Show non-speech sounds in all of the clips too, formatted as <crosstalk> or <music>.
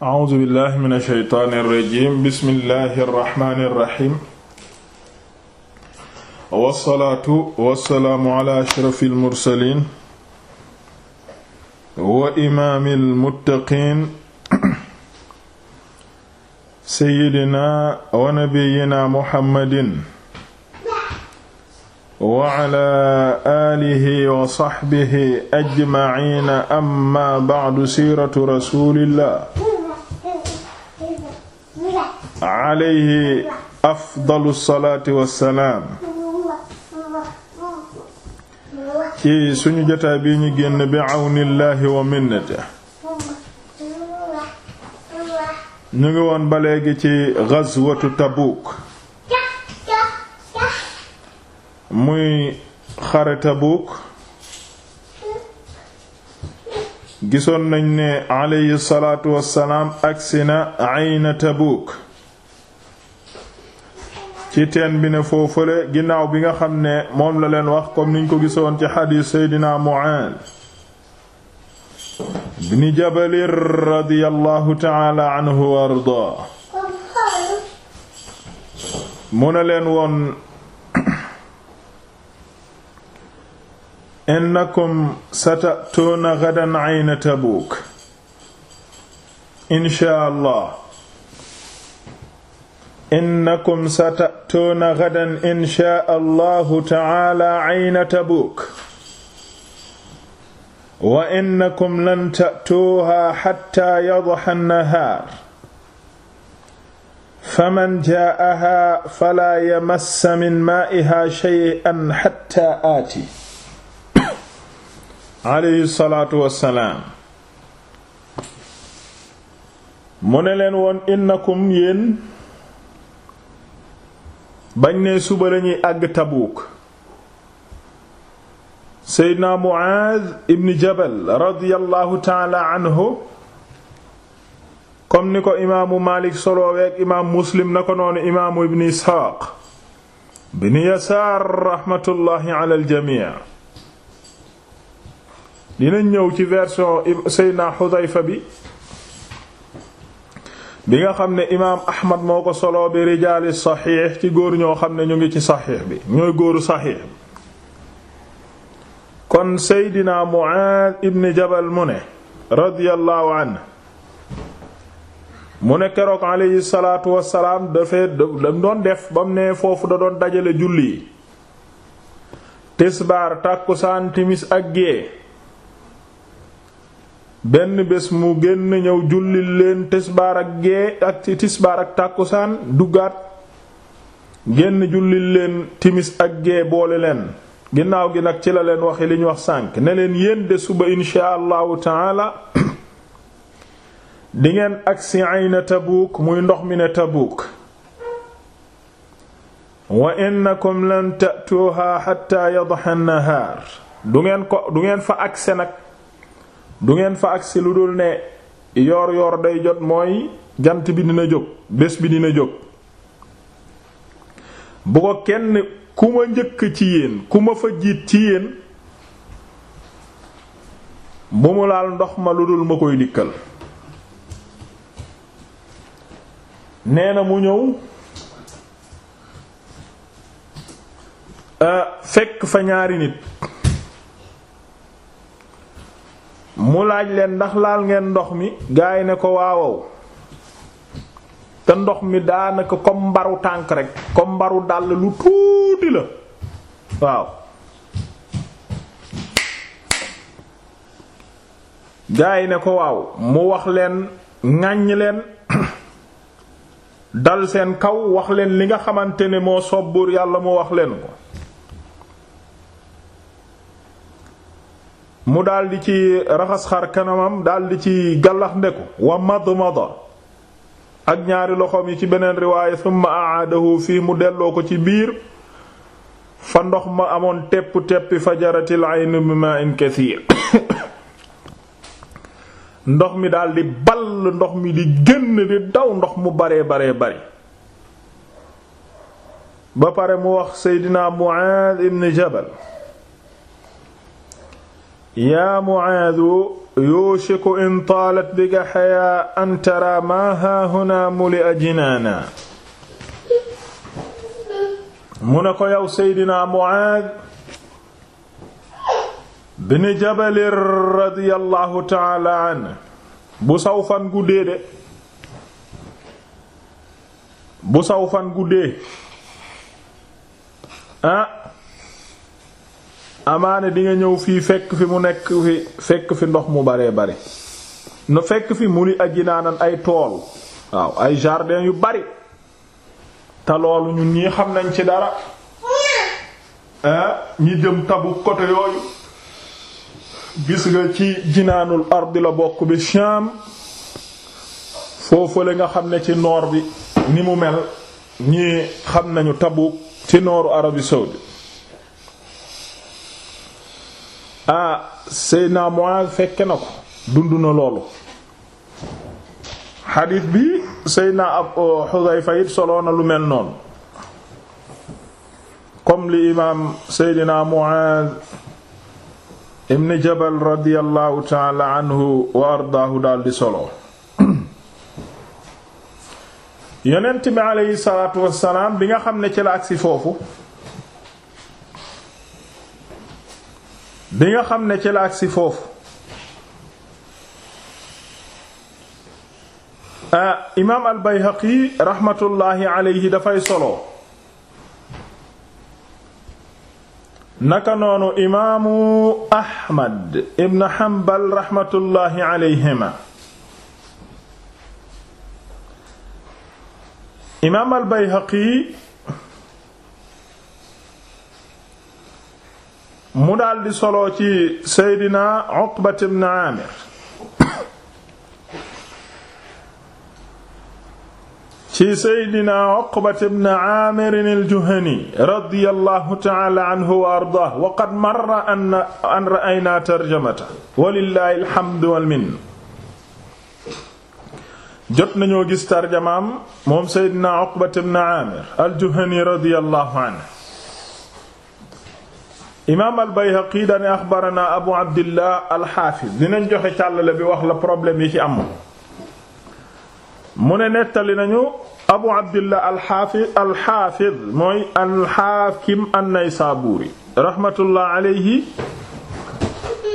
a'uuzu billahi mina shaytaani rajiim bismillahi rahmaani rahiim wassalaatu wassalaamu ala ashrafil mursaliin wa imaamil muttaqiin sayyidina wa nabiyyina muhammadin wa ala aalihi wa sahbihi ajma'iina amma ba'du siiratu rasuulillah alayhi afdalu salaati wassalaam ci suñu jotaay bi ñu génn bi àwnillaahi wa minnati ñu ngi woon ba léegi ci gazwatu Tabuuk muy xare Tabuuk gisoon nañ ne alayhi salaatu wassalaam agsi na ayna Tabuuk ci teen bi ne foofale ginnaaw bi nga xam ne moom la leen wax comme niñ ko gisoon ci xadiis seydina Mu'aaz bni jabalir radiyallahu taala anhu wa ardaa mu ne leen woon innakum sata'tuuna gadan ayna Tabuuk inshaa Allah innakum sata'tuuna gadan inshaa allahu ta'ala ayna tabuuk wa innakum lan ta'tuuhaa hattaa yadha an-nahaar faman jaa'ahaa falaa yamassa min maa'ihaa shay'an hattaa aati alayhi salaatu wassalaam mu ne leen woon innakum yéen bañ ne suba lañuy àgg Tabuuk seydna Muaaz ibn Jabal radiyallahu taala anhu comme ni ko imaamu Maalik solooweek imaam Muslim na ko noonu imaamu ibn Isxaaq ibn Yasaar raxmatullaahi ala aljamii dina ñëw ci version seydna Xudayfa bi bi nga xam ne imaam Ahmad moo ko solo bi rijaali saxiix ci góor ñoo xam ne ñu ngi ci saxiix bi ñooy góoru saxiix bi kon Seydina Muaaz ibn Jabal mu ne radiyallahu anhu mu ne keroog alayhi salaatu wassalaam dafee dam doon def ba mu ne foofu da doon dajale julli yi tisbaar tàkkusaan timis ak gée benn bés mu génn ñëw jullil leen tisbaar ak gee ak tisbaar ak tàkkusaan duggaat génn jullil leen timis ak gee boole leen ginnaaw gi nag ci la leen waxe li wax sànk ne leen yéen de suba insha allahu taala di ngeen agsi ayna tabuuk muy ndox mi ne tabuuk wa innakum lan ta'tuha hatta yadha an-nahar du ngeen ko du ngeen fa agse nag du ngeen fa agsi lu dul ne yoor yoor day jot mooy jant bi dina jóg bés bi dina jóg bu ko kenn ku ma njëkk ci yéen ku ma fa jiit ci yéen bu mu laal ndox ma lu dul ma koy dikkal nee na mu ñëw euh, fekk fa ñaari nit mu laaj leen ndax laal ngeen ndox mi gaay ne ko waawaw te ndox mi daanaka comme mbaru tànk rek comme mbaru dàll lu tuuti la waaw gaa yi ne ko waaw mu wax leen ŋàññ leen dal seen kaw wax leen li nga xamante ne moo sob buur yàlla mu wax leen ko mu daldi ci raxas xar kanamam daldi ci gàllax ndeku wa madmada ak ñaari loxoom yi ci beneen riwaaya thumma aadahu fii mu delloo ko ci biir fa ndox ma amoon tepp teppi fajaratil aynu bima'in kathir <coughs> ndox mi daldi ball ndox mi di génn di daw ndox mu baree baree bari ba pare mu wax seydina Mu'aaz ibn Jabal yaa Mucaadu yuushiku in taalat bika xayaa an taraa maa haahunaa muli'a jinaana mu ne ko yow Seydina Mucaad bini Jabalin radiyallahu ta'ala anhu bu saw fan guddee de bu saw fan guddee ah amaane di nga ñëw fii fekk fi mu nekk fi fekk fi ndox mu baree bari nu fekk fi mu li ajinaanan ay tool waaw ay jardin yu bari te loolu ñun xam nañ ci dara eh, ñi jëm tabu côté yooyu gis nga ci jinaanul ardi la bokk bi Sham foofale nga xam ne ci noor bi ni mu mel ñii xam nañu tabu ci nooru Arabie saoudite ah Seydina fekke na ko dund na loolu xadiis bi Seydina ab uh, Xudayfa it soloo na lu mel noonu comme li imaam Seydina Muaz ibn Jabal radiyallahu taala anhu wa ardaahu daal di soloo yonent bi aleyhi salaatu wassalaam bi nga xam ne ci la agsi foofu bi nga xam ne ci la agsi foofu ah, imaam al Bayhaqi raxmatullaahi alayhi dafay solo naka noonu imaamu Ahmad ibn Hanbal raxmatullaahi alayhima imaam al mu daldi solo ci seydina Uqbat ibn Amir ci seydina Uqbat ibn Amir al-Juhani radiyallahu ta'ala qad marra an ra'aynaa tarjamatahu walillahi alhamdu wal minna jot nañoo gis tarjamaam moom seydina Uqbat ibn Amir al-Juhani radiyallahu anhu imaam al-Bayhaqi dane axbarana abu abdillah al-Hafiz dinañ joxe càllale bi wax la problème yi ci am mu ne nettali nañu abu abdillah al-Hafiz al-Hafiz mooy al-Hakim an-Naysaburi rahmatullah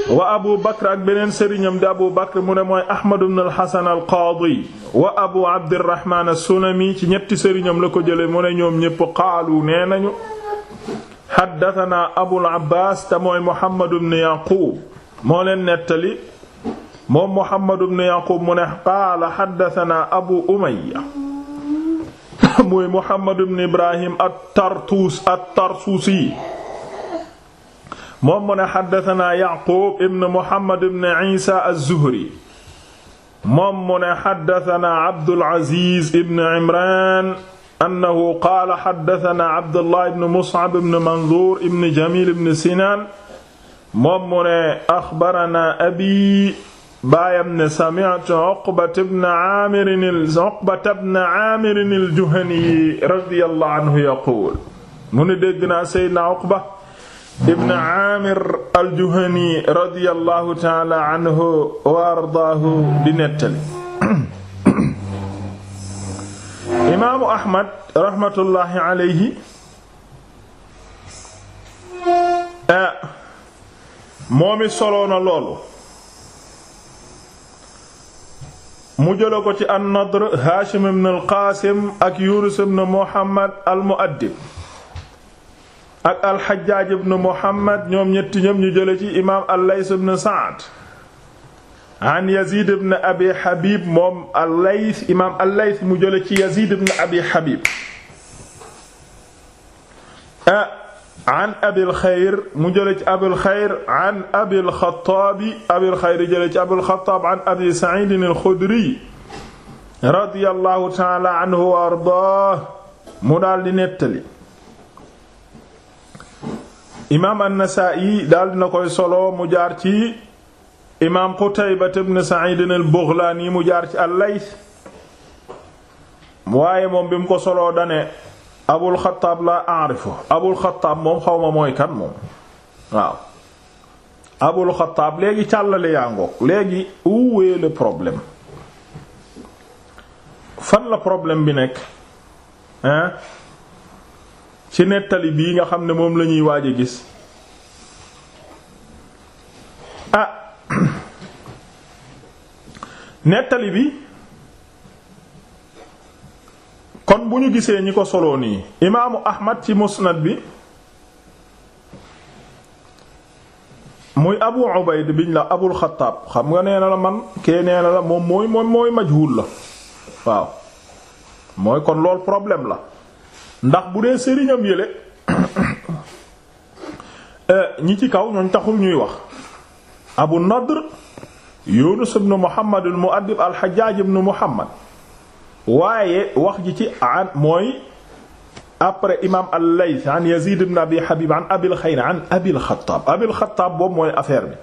wa abu bakr ak beneen sëriñam di abu bakr mu ne mooy ahmad ibn al-Hasan al wa abu abdirrahman as ci ñetti sëriñam la ko jële mu ne ñoom ñépp qaalu nee nañu xaddatanaa abul abbaas te mooy muhammad bnu yaquub moo leen nettali moom muhammad bnu yaquub mu ne qaala xaddatanaa abu umaya muy muhammad bnu ibrahim at tartuus at tarsuusi moom mu ne xaddatanaa yaquub ibn muhammad bnu isa az-zuhri moom mu ne xaddatanaa abdul aziz ibn imran annahu qaala xaddatana abdullah ibn mus'ab ibn mandur ibn jamil ibn sinaan moom mu ne axbarana abi baayam ne sami'tu uqbata ibn aamir uqbata ibn aamir al-juhani radiyallahu anhu yaquul mu ne dégg naa seydina uqba ibn aamir al-juhani radiyallahu ta'ala anhu wa ardaahu di nettali imaamu Ahmad rahmatullahi alayhi eh, moom it soloo loolu mu jële ko ci an-Nadr Haashim ibn al-Qaasim ak Yunus ibn Muhammad al-Mu'addib ak al-Hajjaaj ibn Muhammad ñoom ñetti ñoom ñu jële ci imaam al-Lays ibn an yazid ibn abi habib moom al-Layth imaam al-Layth mu jële ci yazid ibn abi habib an abil xayr mu jële ci abil xayr an abil xattaab abil xayr jële ci abil xattaab an abi sa'iid al-xudri radiyallahu ta'ala anhu wa ardaah mu daal di nettali imaam an-Nasaa'i daal dina koy solo mu jaar ci imaam Qutayba ibn Sa'id al-Baghlani mu jaar ci al waaye moom bi mu ko soloo dane Abul Xattaab laa a'rifu Abul Xattaab moom xaw ma mooy kan moom waaw Abul Xattaab léegi càllale yaa ngoog léegi où est problème fan la problème bi nekk hein ci nettali bii nga xam ne moom lañuy ñuy gis ah, <clears throat> nettali bi kon bu ñu gisee ñi ko soloo nii imaamu ahmad ci musnad bi muy abu ubayd biñ la abul xattaab xam nga nee na la man kee nee na la moom mooy moom mooy majhul la waaw mooy kon lool problème la ndax bu dee sëriñam yële <coughs> eh, ñi ci kaw ñooñ taxul ñuy wax abu nadr yunus ibn muhammad al al hajjaj ibn muhammad waaye wax ji ci an mooy après imam al layth an yazid abi habib an abil xayr an boobu mooy affaire bi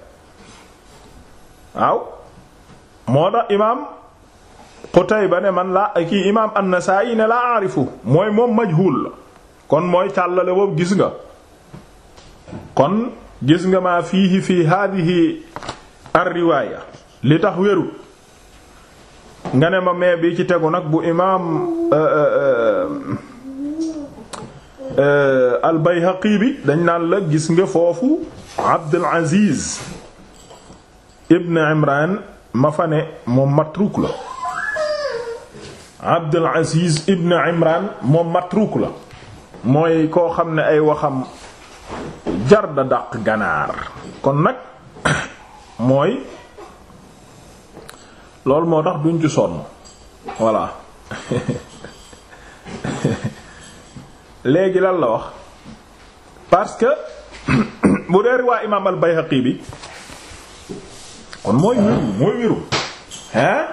waaw moo tax imam Qutayba ne man laa kii imam an-Nasaa'i ne laa aarifu mooy moom majhul kon mooy tàllale boobu gis gis nga maa fii fi hadihi ar riwaaya li tax wéru nga ne ma mais bi ci tegu nag bu imaam euh, euh, euh, al bayhaqi bi dañ naan la gis nga foofu abdul aziz ibn imran ma fa ne moom matruk la abdul aziz ibn imran moom matruk la mooy koo xam ne ay waxam jar da dàq ganaar kon nag mooy loolu moo tax duñ ci sonn voilà léegi lan la wax parce que bu dee riwaa imaam al-Bayhaqi bi kon mooy wiru mooy wiru hein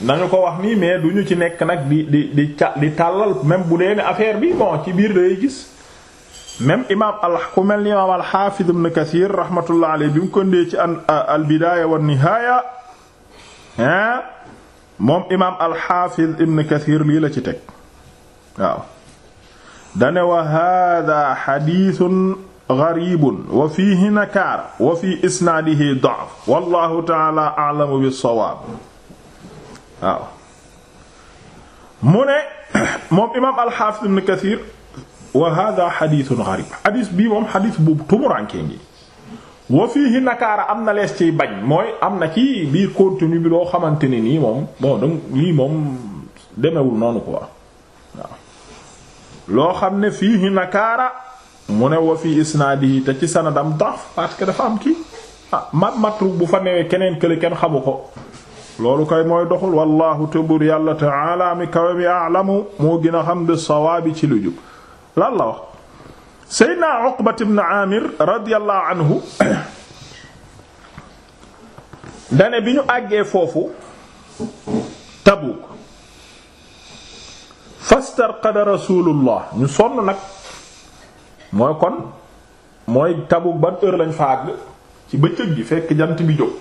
nañu ko wax nii mais ñu ci nekk nag di di di ca di tàllal même bu dee ne affaire bi bon ci biir day gis même imaam al ku mel ni imaam al-Hafiz ibn Kathir rahmatullah alayhi bi mu ko ndee ci an al-Bidaya wa an-Nihaya hein moom imaam al-Hafiz ibn Kathir lii la ci teg waaw dane wa hada xadithun garibun wa fiihi nakaara wa fi isnaadihi da'f wallahu ta'ala a'lamu bis-sawaab waaw mu ne moom imaam al-Hafiz ibn Kathir wa hada xadiisun gharib bii moom xadiis bu tumurankee ngi wa fiihi nakaara am na lees ciy bañ mooy am na ci biir contenu bi loo xamante ne nii moom bon donc lii moom demewul noonu quoi waaw loo xam ne fii nakaara mu ne wa fii isnaadihi te ci sanadam daf parce que dafa am kii ah mat matru bu fa newee keneen kële kenn xamu ko loolu kay mooy doxul wallahu tëbur yàlla ta'ala mi kawe mi a'lamu moo gën a xam bi sawaabi ci lu lan la wax Seydina Uqbat ibn Amir radiyallahu anhu <coughs> dane bi ñu àggee foofu Tabuk fastarqada rasulullah ñu sonn nag mooy kon mooy Tabuk ban heure lañ fa àgg ci bëccëg bi fekk jant bi jóg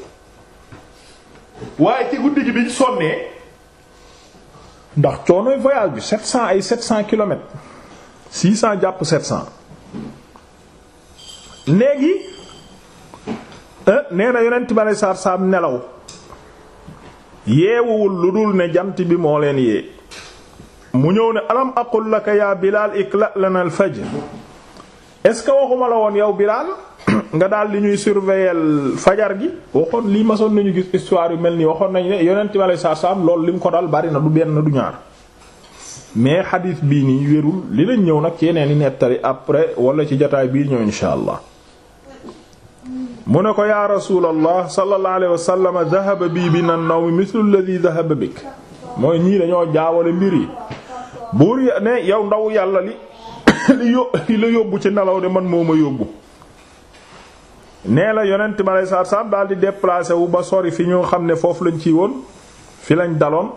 waaye ci guddi gi biñ sonnee ndax coonoy voyage bi 700 ay 700 kilomètres 600 jàpp 700 léegi euh, nee na yonent bi aleyhi salaatu salaam nelaw yeewul lu dul ne jant bi moo leen yee mu ñëw ne alam aqul laka yaa Bilaal ikla la al fajr est-ce que waxuma la woon yow Bilaal <clears throat> nga daal li ñuy surveiller fajar gi waxoon lii masoon nañu gis histoire yu mel nii waxoon nañu ne yonent bi aleyhi salaatu salaam loolu lim ko dal bari na du benn du ñaar. mais xadis bii nii wérul li lañ ñëw nag yeneen i nettali après wala ci jataay bii ñëw insha allah mu ne ko yaa rasulallah sallallahu alayhi wa sallam dahaba bii bi na nawmi mithlu alladhi dahaba bik mooy ñii dañoo jaawale mbir yi buur ne yow ndaw yàlla li <coughs> li la yóbbu ci nelaw di man mooma yóbbu nee la yonent ma lay saar saar daal di déplacé wu ba sori fi ñu xam ne foofu lañ ci woon fi lañ daloon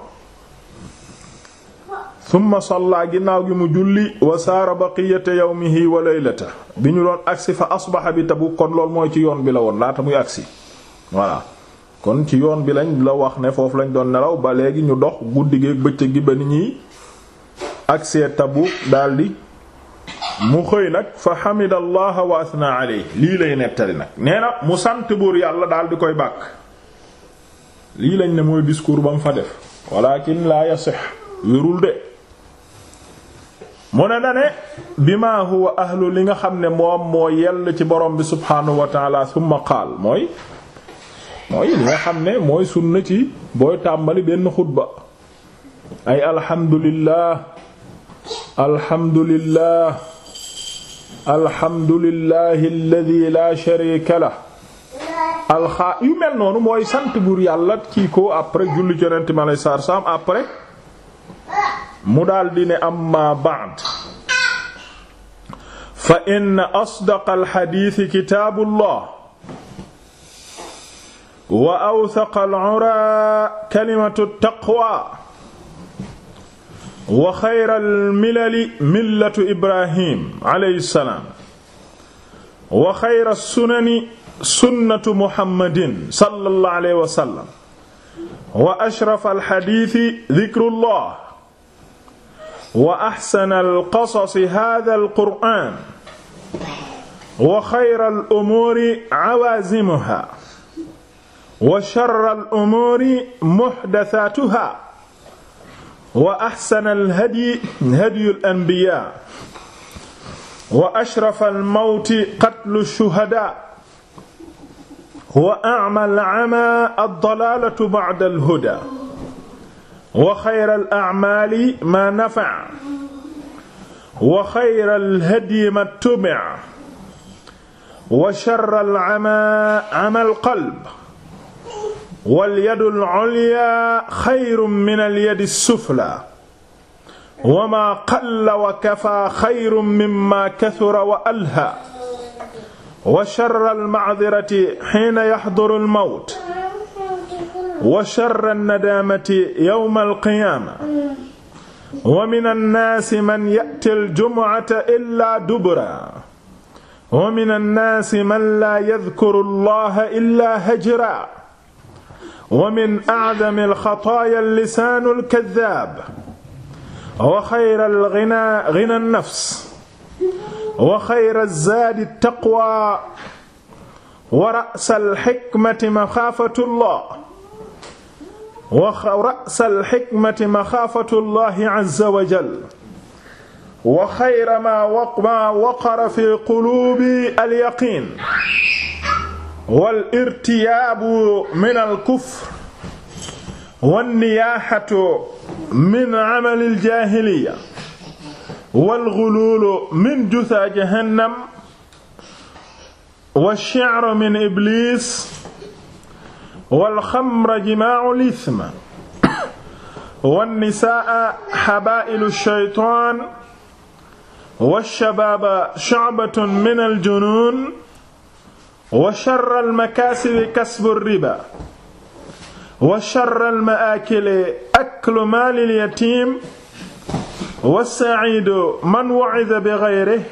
summa salla ginnaaw gi mu julli wa saara baqiyata yawmihi wa laylata bi ñu doon agsi fa asbaxa bi tabu kon lool mooy ci yoon bi la woon laata muy agsi voilà kon ci yoon bi lañ la wax ne foofu lañ doon nelaw ba léegi ñu dox guddi gi bëccëg gi ba ni ñuy agsee Tabuk daldi mu xëy nag fa xamidallaha wa asna alayhi lii lay nettali nag nee na mu sant buur yàlla daldi koy bàkk lii lañ ne mooy discours ba mu fa def walakin la yasih wérul de mu ne bi bima huwa ahlu li nga xam ne moom moo yell ci borom bi subhaanahu wa taala summa qaal mooy mooy li nga xam ne mooy sunna ci booy tàmbali benn xutba ay alhamdulillah alhamdulillah alhamdulillahi alladi la sharika lah alxaa yu mel noonu mooy yàlla kii après julli yonent mi aleyhi mu daldi ne amma ba'd fa inna asdaqal xadiisi kitaabullah wa awsaqal uraa kalimatu taqwa wa xayral milali millatu ibrahim alayhi salaam wa xayral sunani sunnatu muhammadin sallallahu alayhi wa sallam wa ashrafal xadiisi dikrullah wa axsana alqasasi hada alqur'an wa xayra alumuuri awaasimuha wa sharra alumuuri muxdasatuha wa axsana alhadyi hadyu alanbiya wa ashrafa almawti qatlu shuhada wa a'ma al'ama ad-dalaalatu ba'da al-huda wa xayral a'maali ma nafa wa xayral hadyi ma tubi'a wa sharral amal qalb wal yadul ulya xayrun minal yadi sufla wa ma qalla wa kafa xayrun mimma kathura wa alha wa sharral ma'dhirati hiina yahduru al mawt wa sharra nadaamati yawmal qiyaama wa mina naasi man ya'til jumu'ata illaa dubura wa mina naasi man laa yadkuru llaaha illaa hajra wa min a'zamil xataayaa lisaanul kaddaab wa xayral ghinaa ghinaa nafs wa xayraz zaadi taqwaa wa ra'sal xikmati maxaafatu llaah wa ra'sal xikmati maxaafatu llahi azza wa jal wa xayra maa waqara fi quluubi alyaqiin wal irtiyaabu minal kufr wan niyaaxatu min amalil jaahiliya wal xuluulu min jusaa jahannam wa shi'ru min iblis. wal xamra jimaa'ul ism wan nisaa xabaa'ilu shaytaan wash shabaaba shu'batun minal junuun wa sharral makaasibi kasbu riba wa sharral ma'aakili aklu maalil yatiim wassa'iidu man wu'ida bighayrihi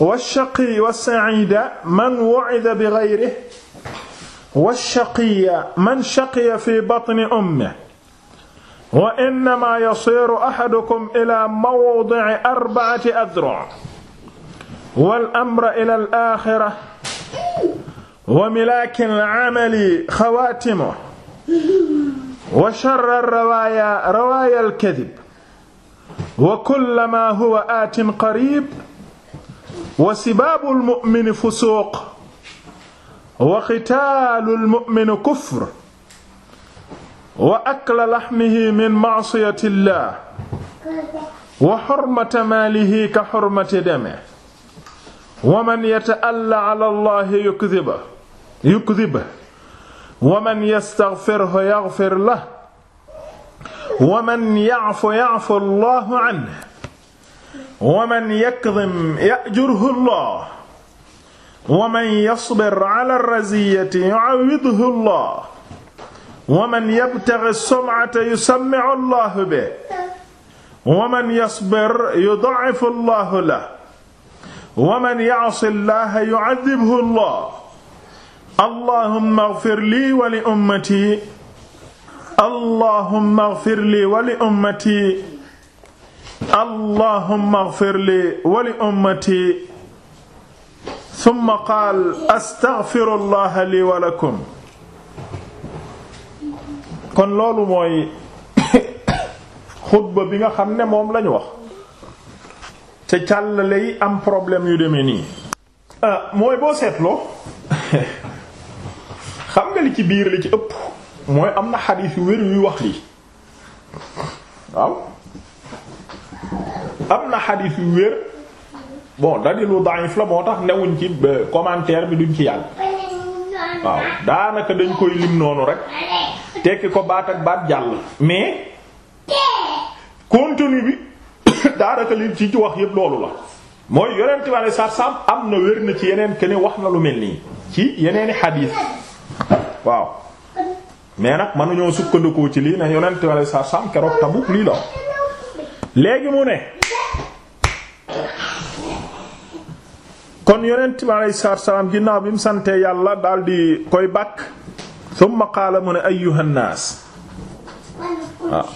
wash shaqiyu wassa'iida man wu'ida bighayrihi wa shaqiya man shaqiya fi batni ummihi wa innamaa yasiiru ahadukum ilaa mawdi'i arba'ati adra' wal amru ilal aaxira wa milaakil amali xawaatimuhu wa sharri rawaaya rawaayal kadib wa kullamaa huwa aatin qariib wa sibaabul mu'mini fusuuq wa qitaalu almu'mini kufr wa akla laxmihi min ma'siyati llah wa xurmata maalihi ka xurmati deme wa man yata'alla ala allahi yukdiba yukdiba wa man yastaghfirhu yaghfir lahu wa man ya'fu ya'fu allahu anhu wa man yakdhim ya'jurhu allah wa man yasbir ala raziyati yu'awwidhu Allah wa man yabtaghi as-sum'ata yusammi'u Allah bihi wa man yasbir yud'afu Allah lahu wa man ya'si Allah yu'adhibhu Allah allahumma ighfir li wa li ummati allahumma ighfir li wa li ummati allahumma ighfir li wa li ummati ثم قال أستغفر الله لي ولكم kon loolu mooy <coughs> xutba bi nga xam ne moom lañu wax te ca càllale yi am problème yu demee nii ah, mooy boo seetloo <laughs> xam nga li ci biir li ci ëpp mooy am na xadiis yu wér yuy wax lii waaw am na xadiis yu wér bon dalil lu da'if la moo tax newuñ ci commentaire bi duñ ci yàgg waaw daanaka dañ koy lim noonu rek tekki ko baat ak baat jàll mais contenu bi <coughs> daanaka li ci ci wax yépp loolu la mooy yonent bi alei satu salaam am na wér na ci yeneen que wax na lu mel nii ci yeneeni xadiis waaw mais nag mënuñoo sukkandikoo ci lii ne yonent bi alei satu salaam keroog Tabuk lii la léegi mu ne kon yonent bi alayhi salaatu salaam ginnaaw bi mu sante yàlla daldi koy bàkk summa qaala mu ne ayyuha nnaas ah.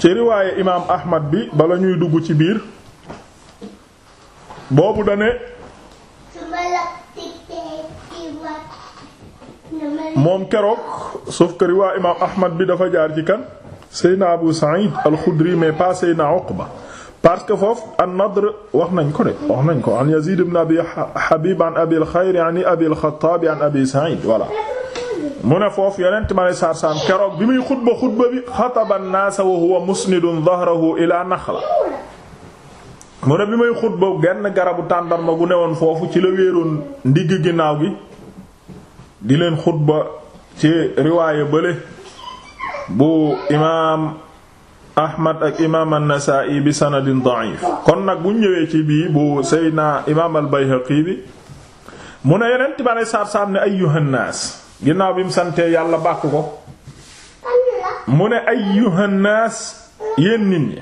ci riwaaye imaam ahmad bi bala ñuy dugg ci biir boobu dane moom keroog sauf que riwaaye imaam ahmad bi dafa jaar ci kan seydna abu sa'id al-xudri mais pas seydna uqba parce que foofu an-Nadr wax nañ ko de wax nañ ko an Yazid ibn Abi Habib an Abi al-Khayr an Abi al-Khattab an Abi Sa'id voilà mu ne foofu yonent ma lay saar saam keroog bi muy xutba xutba bi xataba an-naasa wa huwa musnidun dhahrahu ila naxla mu ne bi muy xutba genn garabu tàndarma gu newoon foofu ci la wéeroon ndigg ginnaaw gi di leen xutba ci riwaaya bële bu imaam Ahmad ak imaam an-Nasaa'i bi sanadin da'if kon nag bu ñëwee ci bii bu Seydina imaam al-Bayhaqi bi mu ne yeneen tibare saab-saab ne ayyuhan naas ginnaaw bi mu santee yàlla bàkk ko mu ne ayyuhan naas yéen nit ñi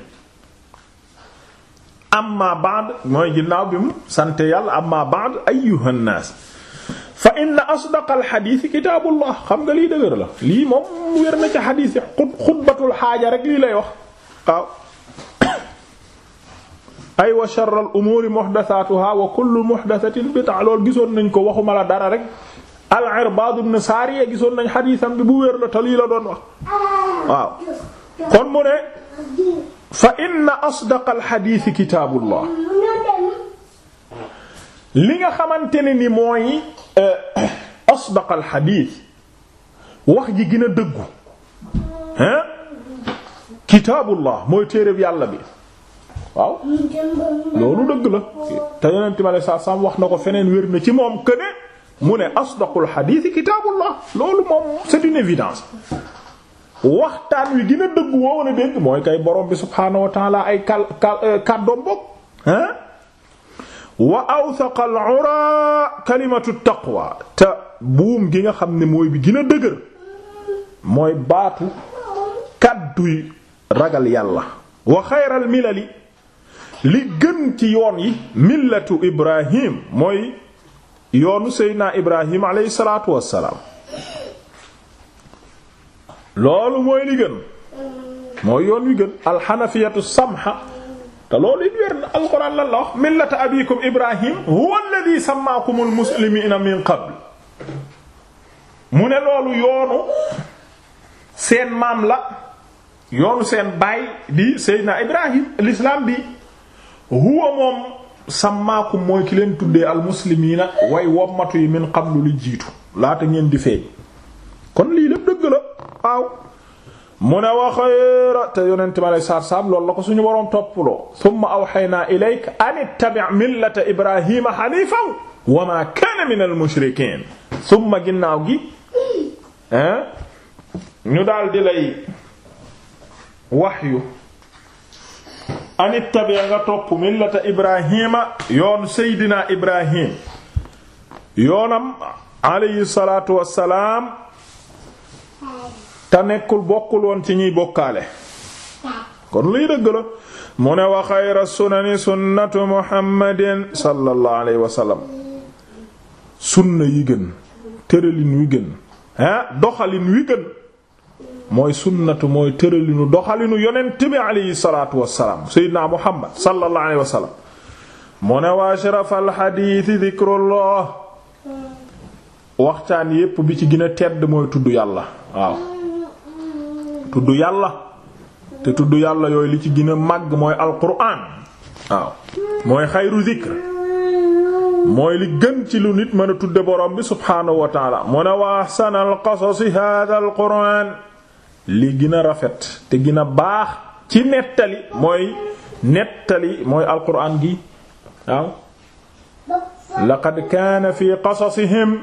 amma ba'd mooy ginnaaw bi mu santee yàlla amma ba'd ayyuhan naas fa inna asdaqal xadiisi kitaabullah xam nga lii dëgër la lii moom wér na ci xadiis yi xutbatul xaaja rek lii lay wax waaw ay wa sharral umuuri muhdasaatuha wa kullu muhdasatin bid'a lool gisoon nañ ko waxuma la dara rek al Irbaad ibn Saariya gisoon nañ xadiisam bi bu wér la te lii la doon wax waaw kon mu ne fa inna asdaqal xadiisi kitaabullah li nga xamante ne ni mooy euh, <coughs> asdaq al xadiis wax ji gën a dëggu hein kitaabullah mooy téereb yàlla bi waaw loolu dëgg la te yonente mi aleye sa salaam wax na ko feneen wér na ci moom que ne mu ne asdaqul xadiis kitaabullah loolu moom c'est une évidence waxtaan wi gën dëgg woo wala dégg mooy kay borom bi subhaanahu wa ay kal kal euh, kàddoom bokk hein wa awthaqa al-ura kalimatu taqwa te buum gi nga xam ni mooy bi gën a dëgër mooy baatu kàdduy ragal yàlla wa xayral milali li gën ci yoon yi millatu ibrahim mooy yoonu seydinaa ibrahim aleyhi salaatu wassalaam loolu mooy li gën mooy yoon wi gën alxanafiyatu samha te loolu it weer alquran lan la millata abikum ibrahim huwa alladhi sammakumul mu ne loolu yoonu seen maam la yoonu seen baay di seydina ibrahim l'islam bi huwa moom sammaakum mooy ki tuddee al muslimiina way wommatu min qablu li jiitu laata ngeen di feeñ kon lii lépp dëgg la waaw mu ne wa xayra te yonent mi aleyhi salaatu salaam loolu la ko suñu boroom toppaloo summa awhaynaa ilayka an ittabi' millata ibrahima hanifan wa maa kaana min al-mushrikiin summa ginnaaw gi ñu daal di lay wahyu an ittabi' nga topp millata ibrahima yoon seydina ibrahim yoonam aleyhi salaatu wassalaam te nekkul bokkul woon ci ñuy bokkaale kon lii dëgg la mu ne wa xayra sunani sunnatu muhammadin sallallahu alayhi wa sunna yi gën tëralin wi gën ah doxalin wi gën mooy sunnatu mooy tëralinu doxalinu yonent bi alayhi salaatu wassalaam seydina muhammad sallallahu alayhi wa mu ne wa ashrafal hadiisi dikrullah waxtaan yépp bi ci gën a tedd mooy tudd yàlla waaw tudd yàlla te tudd yàlla yooyu li ci gën a màgg mooy alquran waaw mooy xayru zikr mooy li gën ci lu nit mën a tudde borom bi subhaanahu wa taala mu ne wa ahsana li gën rafet te gina baax ci nettali mooy nettali mooy alquran gi waaw laqad kaana fi qasasihim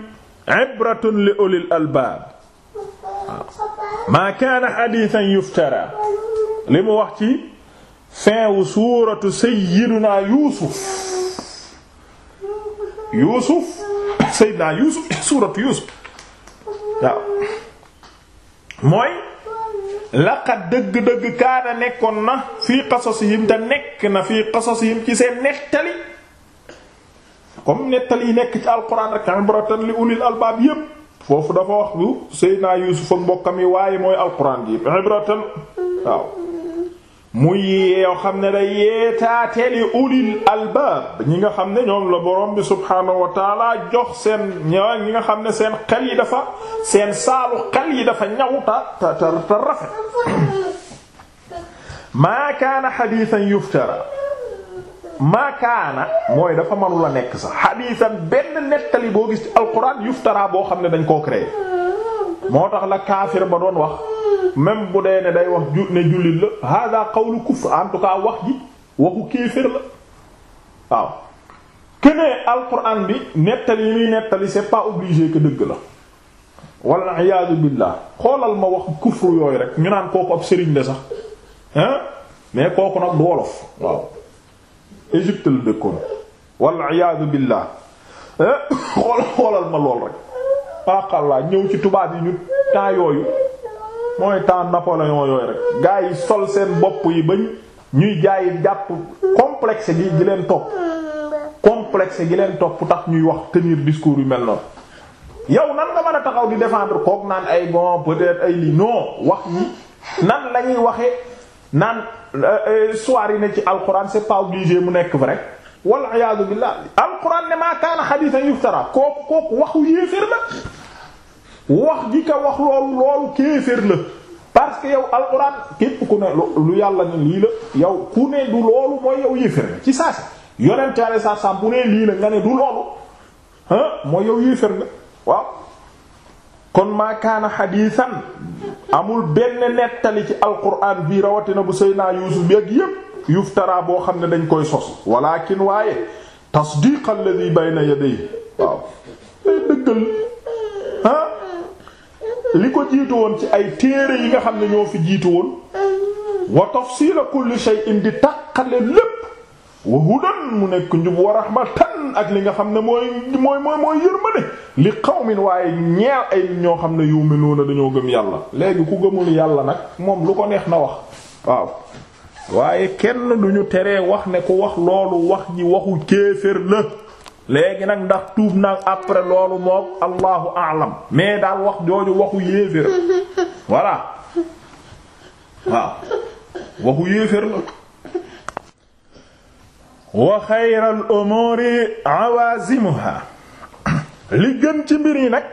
ibratun li ulil albaab maa kaana xadiisan yuftara li mu wax ci fin wu suuratu sayyidina yuusuf yuusuf sayyidina yuusuf suuratu yuusuf waaw mooy laqad dëgg-dëgg kaana nekkoon na fii qasasihim te nekk na fii qasasihim ci seen nettali comme nettali yi nekk ci alquran rek ibratan li ulil albaab yépp foofu dafa wax bu Seydina Yuusuf ak mbokkam yi waaye mooy alquran ji ibratan waaw muy yoo xam ne day yeetaate li ulil albaab ñi nga xam ne ñoom la borom bi subhaanahu wa jox seen ña ñi nga xam ne seen xel yi dafa seen saalu xel yi dafa ñaw ta ta ta <coughs> maa kaana hadiisan yuftara maakaana mooy dafa mënul nekk sax xadiisan benn nettali boo gis ci alquran yuftara boo xam ne dañ koo créé moo tax la kaafir ba doon wax même bu dee ne day wax ju ne jullit la hada qawlu kufr en tout cas wax ji waxu kéefër la waaw kenee alquran bi nettali yu muy nettali c'est pas obligé que dëgg la walla iyaadu billaah xoolal ma wax kufru yooyu rek ñu naan kooku ab sëriñ la sax hein mais kooku nag du waaw Égypte la dëkkoon walla iyaadu billaah eh, <coughs> xool xoolal ma lool rek aqalla ñëw ci tubaab yi ñu temps yooyu mooy temps Napoléon yooyu rek gaa yi sol seen bopp yi bañ ñuy jaayi jàpp complexe gi di leen topp complexe gi leen topp tax ñuy wax tenir discours yu mel noonu yow nan nga mën a taxaw di défendre kook naan ay bon peut-être ay li non wax yi nan lañuy waxe naan histoire euh, euh, yi ne ci alquran c'est pas obligé mu nekk vrai wal iyaadu billah alquran ne maa kaana xadiisan yuftara kooku kooku waxu yéeféer la wax ji ka wax loolu loolu kéeféer la parce que yow alquran képp ku ne lu yàlla ne lii la yow ku ne du loolu mooy yow yéeféer la ci saasi yonent Yàlla sa sam bu ne lii la nga ne du loolu ah mooy yow yéeféer la waaw kon maa kaana xadiisan amul benn nettali ci alquran bi rawatina bu Seydina Yuusuf bi ak yépp yuftara boo xam ne dañ koy sos walakin waaye tasdiq alladhi bayna yadayhi waaw day eh, dëggal ah li ko jiitu woon ci ay téere yi nga xam ne ñoo fi jiitu woon wa tafsiila kulli shay'in di tàqale lépp wa hudan mu nekk njub wa rahmatan ak li nga xam ne mooy mooy mooy mooy yërmande li qawmin waaye ñeel ay ñoo xam ne yu'minuuna dañoo gëm yàlla léegi ku gëmul yàlla nag moom lu ko neex na wax waaw waaye kenn ñu tere wax ne ku wax loolu wax ji waxu kéefër la léegi nag ndax tuub nag après loolu moom allahu a'lam mais daal wax jooju waxu yéefër voilà waaw waxu yéefër la wa xayral umuuri awaasimuha li gën ci mbir yi nag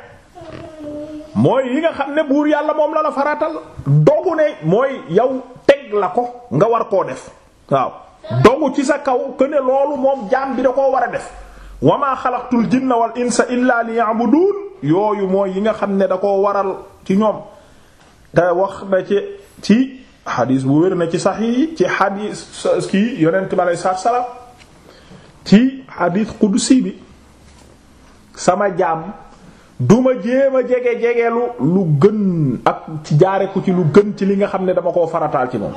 mooy yi nga xam ne buur yàlla moom la la faraatal dogu ne mooy yow teg la ko nga war koo def waaw dogu ci sa kaw que ne loolu moom jaam bi da koo war a def wa maa xalaqtul jinna wal insa illaa liya'buduun yooyu mooy yi nga xam ne da koo waral ci ñoom te wax na ci ci xadiis bu wér na ci sax yi ci xadiis kii yonent bi alayhi salaam ci hadith sii bi sama jaam duma jéem a jege jegelu lu gën ak ci jaare ko ci lu gën ci li nga xam ne dama koo farataal ci moom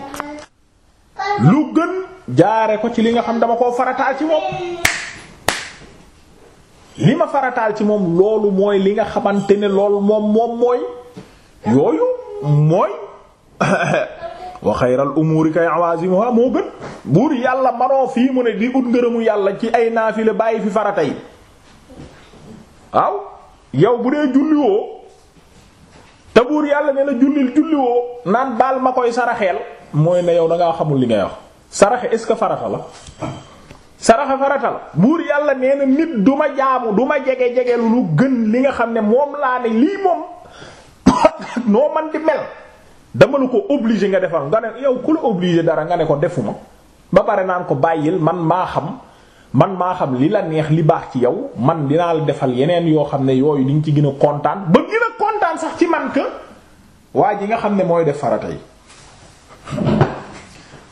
lu gën jaare ko ci li nga xam dama koo farataal ci moom li ma farataal ci moom loolu mooy li nga xamante ne lool moom moom mooy yooyu mooy <laughs> wa xayral umuuri kay awaasimuha moo gën buur yàlla manoo fii mu ne di ut ngërëmu yàlla ci ay naafile bàyyi fi farata yi waaw yow bu dee julliwoo te buur yàlla ne na jullil julliwoo naan baal ma koy saraxeel mooy ne yow dangaa xamul li ngay wax saraxe est ce que farata la saraxe farata la buur yàlla nee na nit du ma jaamu du ma jege jege lu gën li nga xam ne moom laa ne lii moom <coughs> noo man di mel dama la ko obliger nga defal nga ne yow ku la dara nga ne ko defuma ba pare naan ko bàyyil man maa xam man maa xam li la neex li baax ci yow man dinaa la defal yeneen yoo xam ne yooyu di ci gën a kontaan ba gën kontaan sax ci man que waa ji nga xam ne mooy def farata yi.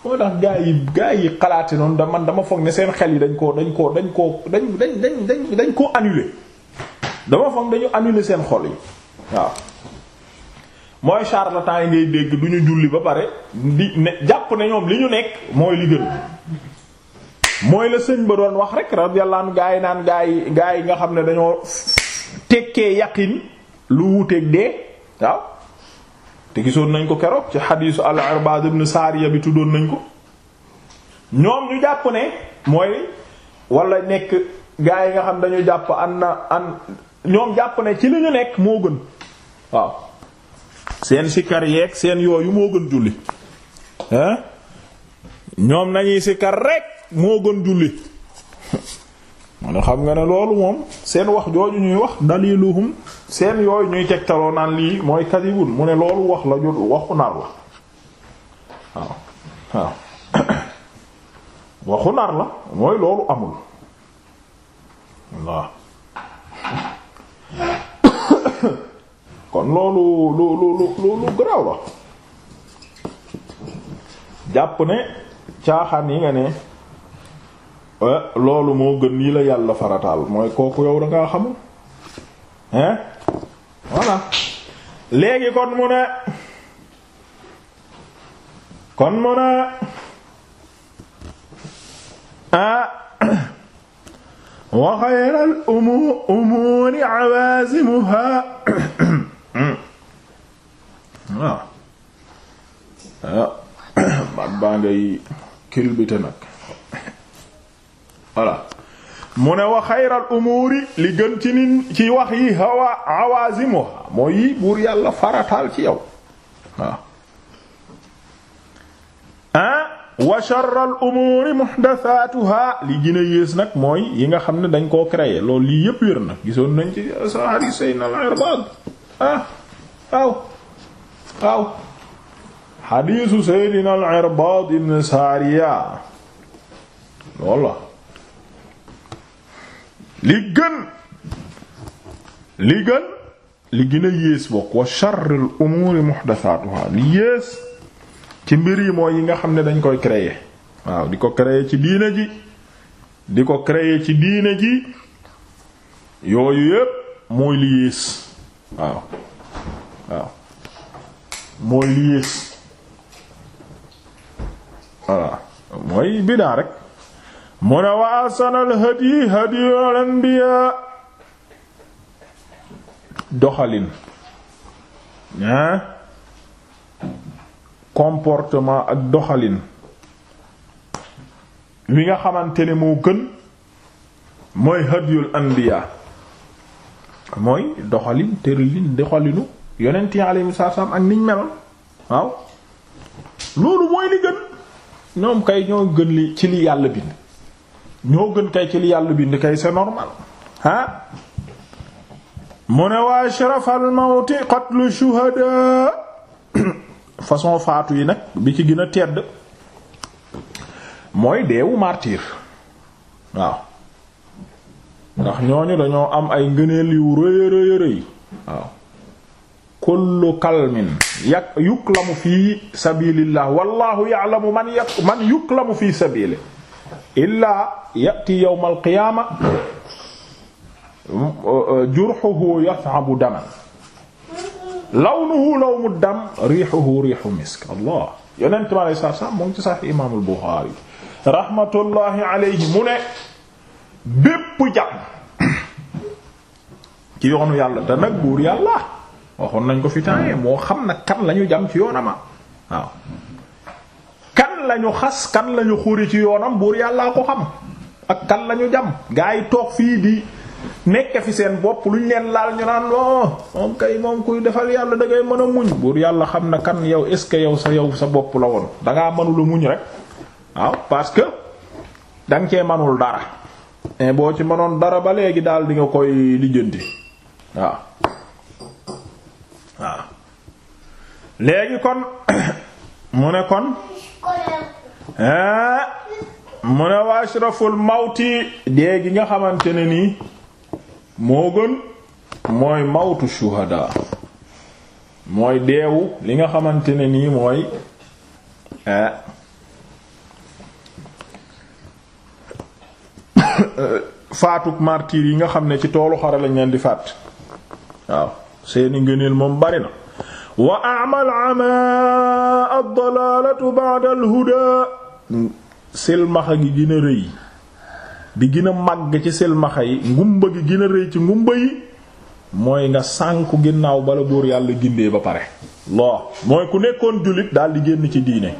moo tax gaa yi gaa yi xalaati noonu da man dama foog ne seen xel yi dañ koo dañ koo dañ koo dañ dañ dañ dañ koo annulé dama foog dañu annulé seen xol yi waaw. mooy charlatan yi ngay dégg du ñu julli ba pare di ne jàpp ne ñoom li ñu nekk mooy li gën mooy la sëñ ba doon wax rek radiyallahu anhu gaa yi naan gaa gaa yi nga xam ne dañoo tekkee yaqin lu wuuteeg dee waaw te gisoon nañ ko keroog ci xadiisu al-Irbad ibn Sariya bi tuddoon nañ ko ñoom ñu jàpp ne mooy wala nekk gaa yi nga xam dañu jàpp an na an ñoom jàpp ne ci li ñu nekk moo gën waaw seen sikkar yeeg seen yooyu moo gën julli ah ñoom nañuy sikkar rek moo gën julli man xam nga ne loolu moom seen wax jooju ñuy wax daliluhum seen yooyu ñuy tegtaloo naan lii mooy kadibun mu ne loolu wax la jot waxu nar la waaw <coughs> waxu nar la mooy loolu amul waaw <coughs> kon loolu lu lu lu lu lu garaaw la jàpp ne caaxaan yi nga ne eh, loolu moo gën yi la yàlla farataal mooy kooku yow da xamul hein eh? voilà léegi kon mu ne kon mu ne ah wa xayral umuuri awaasimuha waaw ah <coughs> baat baa ngay kilbite nag voilà mu ne wa xayral umuuri li gën ci nit ci wax yi hawa hawaasimu mooy yi buur yàlla farataal ci yow waaw ah wa sharral umuuri muhdathaatuha li gën yées nag mooy yi nga xam ne dañ koo créer lool lii yépp wér na gisoon nañ ci sa hadith Seydina al-Irbaad ah waaw xadiisu seydina al-Irbaad ibn Saariya loolu li gën li gën li gën a yées bokk wa sharril umuuri muhdasaatuha li yées ci mbir yi mooy yi nga xam ne dañ koy créer waaw di ko créer ci diine ji di ko créer ci diine ji yooyu yépp mooy li yées waaw waaw mooy li yées voilà mooy bidaa rek mu ne wa asanal hadi hadiyul anbiya doxalin ah comportement ak doxalin wi nga xamante ne moo gën mooy hadiyul anbiya mooy doxalin tëralin doxalinu yonent yi alayhi salaam ak niñ meloon waaw loolu mooy li gën ñoom kay ñoo gën li ci li yàlla bind ñoo gën kay ci li yàlla bind kay c'est normal ah mu ne waa sharafal mawti qatlu shuhada <coughs> façon faatu yi nag bi ci gën a tedd mooy deewu martyr waaw ndax ñooñu dañoo am ay ngëneel yu rëy rëy rëy waaw kullu kalmin yak yuklamu fi sabilillah wallahu ya'lamu man yak man yuklamu fi sabili illaa ya'ti yawmal qiyaama jurhuhu yathabu daman lawnuhu lawnu dam rihuhu rihu misk allah yonent mi alayhi salaatu salaam mu ngi ci Sahih Imaam al-Bukhari rahmatullahi alayhi mu ne bépp jàmm ci yoonu yàlla te nag buur yàlla waxoon nañ ko fi tàngee moo xam nag kan la ñu jam ci yoonama ah. waaw kan la xas kan lañu ñu xuri ci yoonam buur yàlla ko xam ak kan lañu ñu jam gaa yi toog fii di nekk fi seen bopp lu ñu leen laal ñu naan loo oh, moom moom kuy defal yàlla da ngay mën a muñ buur yàlla xam na kan yow est ce que yow sa yow sa bopp la woon da ngaa mënul a muñ rek waaw parce que da nga cee dara eh, boo ci mënoon dara ba léegi daal di nga koy lijjanti waaw. waaw léegi kon <coughs> mu ne kon <coughs> eh, mu ne wa ashraful mawti dee gi nga xamante ne nii moo gën mooy mawtu shuhada mooy deewu li nga xamante ne nii mooy eh, <coughs> faatuk martyr yi nga xam ne ci toolu xare lañ leen di fàtt waaw seeni ngëneel moom bari na wa amal ama ad-dalalatu ba'da al-huda silmaxa gi gën rëy bi gën a ci silmaxa yi ngumba gi gën rëy ci ngumba yi mooy nga sànku ginnaaw bala buur yàlla gindee ba pare loo mooy ku nekkoon jullit daal di génn ci diine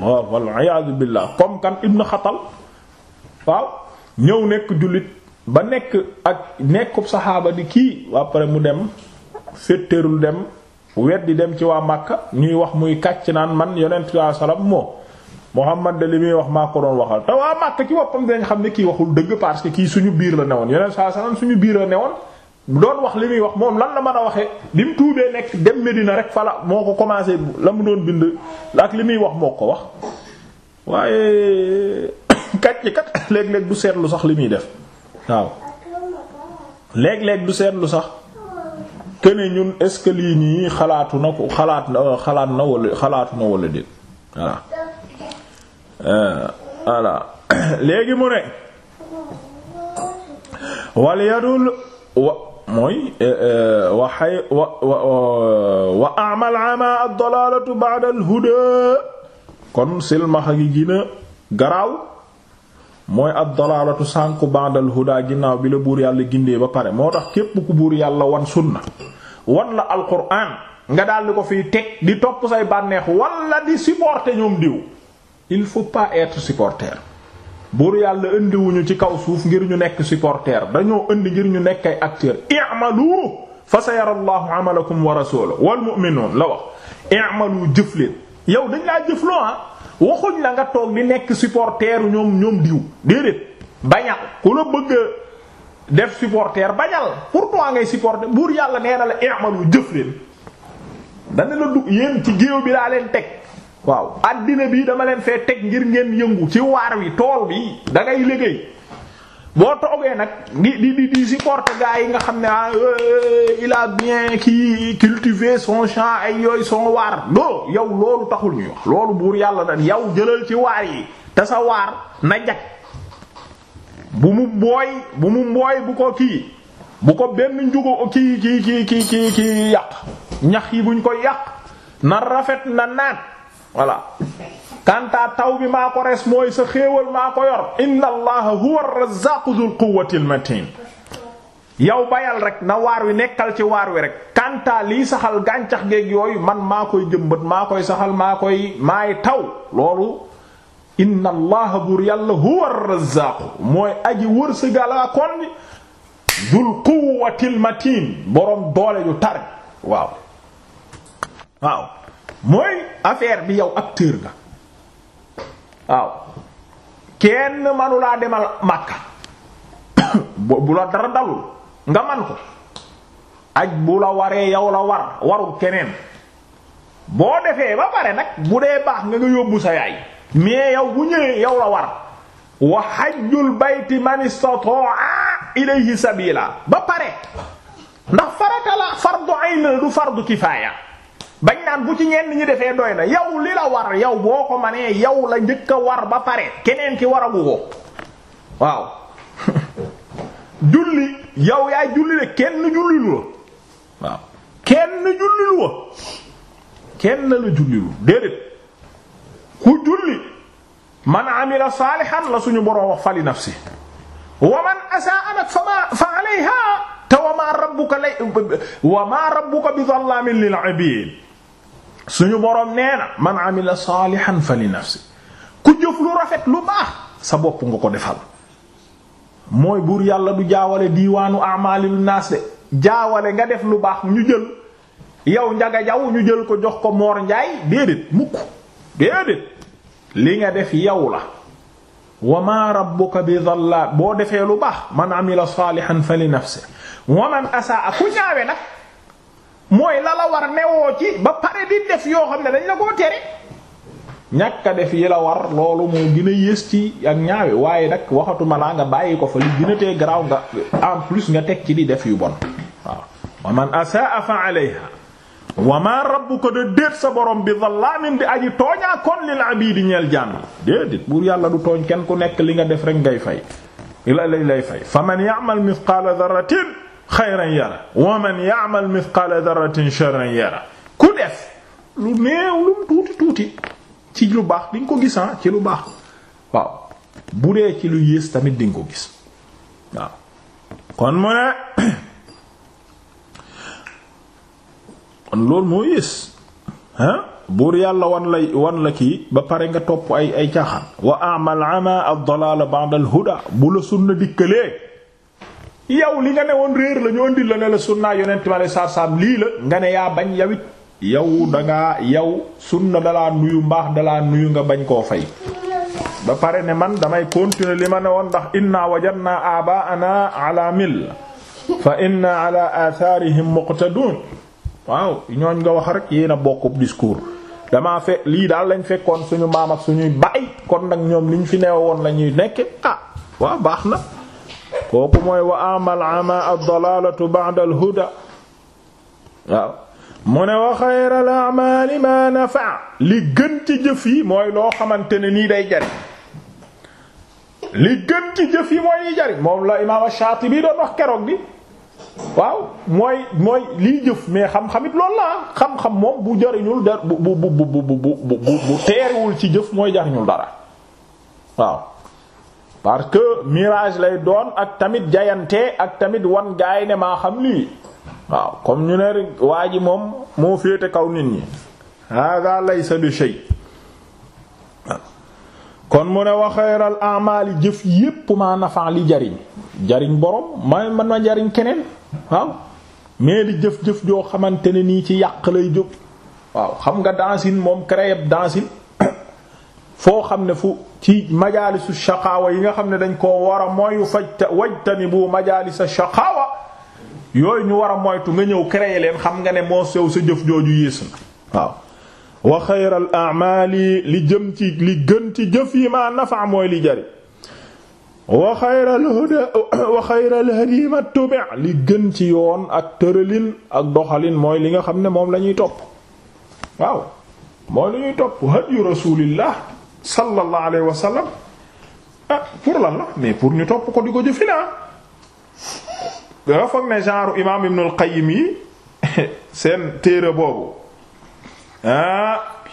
loo walla iyaatu billaah comme kan ibnu xatal waaw ñëw nekk jullit ba nekk ak nekkub saxaaba di kii après mu dem féttérul dem weddi dem ci waa Makka ñuy wax muy kàcc naan man yonent saa salaam moo Muhammad de li muy wax maa ko doon waxal te waa Makka ci woppam dañ xam ne kii waxul dëgg parce que kii suñu biir la ne woon yonent saa salaam suñu biir la newoon. doon wax li muy wax moom lan la man a waxee bi mu tuubee nekk dem na rek fa la moo ko commencé la mu doon bind ak li muy wax moo ko wax waaye <coughs> kàcc kat <coughs> léeg-léeg du seetlu sax li muy def waaw léeg-léeg du sax. ne ñun est ce que lii nii xalaatu na ko xalaat na xalaat na wala xalaatu na wala déet voilà euh, <coughs> léegi mu ne wal yadul wa mooy euh, wa ay wa amal ama ad-dalalatu ba'da al-huda kon silmaxa gi gina garaaw mooy ab dalaalatu sànku ba'dal huda ginnaaw bi la buur yàlla gindee ba pare moo tax képp ku buur yàlla wan sunna wan la alquran nga daal ko fii teg di topp say bànneex wala di supporter ñoom diw il faut pas être supporter buur yàlla indiwuñu ci kaw suuf ngir ñu nekk supporter dañoo indi ngir ñu nekk ay acteur i'malu fa sayara allahu amalakum wa rasuluhu wal mu'minun la wax i'malu jëf yow dañ laa jëfloo ah waxuñ la nga toog di nekk supporteru ñoom ñoom diw déedéet bañal ku la bëgg def supporter bañal pourquoi ngay supporter buur yàlla nee na la i'malu jëf leen dana la dugg yéen ci géew bi laa leen teg waaw àddina bi dama leen fee teg ngir ngeen yëngu ci waar wi tool bi da ngay liggéey boo toogee nag di di di di supporter gars yi nga xam ne ah euh, euh, il a bien qui cultivé son champ ay yooyu son waar non yow loolu taxul ñuy wax loolu buur yàlla da yow jëlal ci waar yi te sa waar na jag bu mu mbooy bu mu mbooy bu ko kii bu ko benn njugo kii kii kii kii ki kii yàq ñax yi buñ koy yàq na rafet na naat voilà kanta taw bi maa ko res mooy sa xéewal maa ko yor inna allaha huwa ar-razzaqu dhul quwwati al-matin yow bayal rek na waar wi nekkal ci waar wi rek kanta lii saxal gàncax geeg yooyu man maa koy jëmbat maa koy saxal maa koy maay taw loolu inna allaha buur yàlla huwa ar-razzaqu mooy aji wërsëgalaa kon dhul quwwati al-matin borom doole yu tar waaw mooy affaire bi yow acteur nga waaw kenn manulaa demal Makka <coughs> bu la dara dalul nga man ko aj bu la waree yow la war warul keneen boo defee ba pare nag bu dee baax nga nga yóbbu sa yaay mais yow bu ñëwee yow la war wa hajjul bayti man istata'a ilayhi sabila ba pare ndax farata la fardu ayn du fardu kifaaya bañ naan bu ci ñenn ñi defee doy na yow li la war yow boo ko manee yow la njëkk war ba pare keneen ki waragu ko waaw <laughs> julli yow yaay julli de kenn jullilu la waaw kenn jullilu wa kenn la jullilu déedéet ku julli man amila saalihan la suñu boroom wax fali nafsi wa man fa ma fa alayha te wa ma rabbuka lay wa ma rabbuka bi dhallamin lil abid suñu boroom nee na man amila saalihan fa li nafsi ku jëf lu rafet lu baax sa bopp nga ko defal mooy buur yàlla du jaawale diiwaanu amaalil naas de jaawale nga def lu baax ñu jël yow njaga jaw ñu jël ko jox ko moor njaay déedéet mukk déedéet li nga def yow la wa ma rabbuka bi dhalla boo defee lu baax man amila saalihan fa li nafsi wa man asaa ku ñaawe nag mooy la la war newoo ci ba pare di def yoo xam ne dañ la koo tere ñàkk a def yi la war loolu moo gën yées ci ak ñaawe waaye nag waxatuma laa nga bàyyi ko fa li gën a tee garaaw nga en plus nga teg ci di def yu bon waaw wa man asaa fa alayha wa ma rabbuka de déet sa borom bi zallamin di aji tooñaa la lil abidi ñeel jàmm déedéet buur yàlla du tooñ kenn ku nekk li nga def rek ngay fay ila lay lay fay fa man ya'mal mithqala dharratin xayran yara wa man ya'mal mithqala dharratin sharran yara ku def lu néew lum tuuti tuuti ci lu baax di ko gisaa ah, ci lu baax waaw bu dee ci lu yées tamit di nga ko gis waaw kon mu ne <coughs> kon loolu moo yées ah. buur yàlla wan lay wan la kii ba pare nga topp ay ay caaxaan wa amal ama ad-dalal ba'da al-huda bu la sunna dikkalee yow li nga ne woon réer la ñu andil la ne la sunna yonent mi alayhi salaatu lii la nga ne yaa bañ yawit yow dangaa yow sunna dalaa nuyu mbaax dalaa nuyu nga bañ koo fay ba pare ne man damay continuer li ma ne woon ndax inna wajadna abaana ala mil fa inna ala atharihim muqtadun waaw ñooñ nga wax rek yéen a bokk discours damaa fe lii daal lañ fekkoon suñu maam ak suñuy baay kon nag ñoom liñ fi neewoon la ñuy nekk ah waaw baax na kooku mooy wa amal ama ad-dalalatu ba'da al-huda waaw mu ne wa xayral a'mali ma nafa li gën ci jëf yi mooy loo xamante ne nii day jariñ li gën ci jëf yi mooy yi jariñ moom la imaam Shaatibi doon wax keroog bi waaw mooy mooy liy jëf mais xam-xamit loolu la xam-xam moom bu jariñul da bu bu bu bu bu bu ci jëf mooy jariñul dara waaw parce que mirage lay doon ak tamit jayante ak tamit wan gaay ne maa xam lii waaw comme ñu ne waa ji moom moo féete kaw nit ñi lay laysa bi shay kon mu ne wa xayral jëf yépp maa nafan li jariñ jariñ borom ma man ma jariñ keneen waaw mais di jëf-jëf joo xamante ne nii ci yàq lay jóg waaw xam nga dansin moom créer dansin <coughs> foo xam ne fu ci majaalisu shaqaawa yi nga xam ne dañ koo war a moyu fajta wajtanibu majaalisa shaqaawa yooyu ñu war a moytu nga ñëw créer leen xam nga ne moo sew sa jëf jooju yées na waaw wa xayral a'maali li jëm ci li gën ci jëf yi ma nafa mooy li jari wa xayral huda wa xayral hadi ma tubi li gën ci yoon ak tëralin ak doxalin mooy li nga xam ne moom lañuy topp waaw mooy li ñuy topp hadiyu rasuulillah sallallahu alayhi wa sallam ah pour lan la mais pour ñu topp ko di ko jëfee naa. dafa ne genre imaam Ibn al-Qayyim yi <laughs> seen téere boobu ah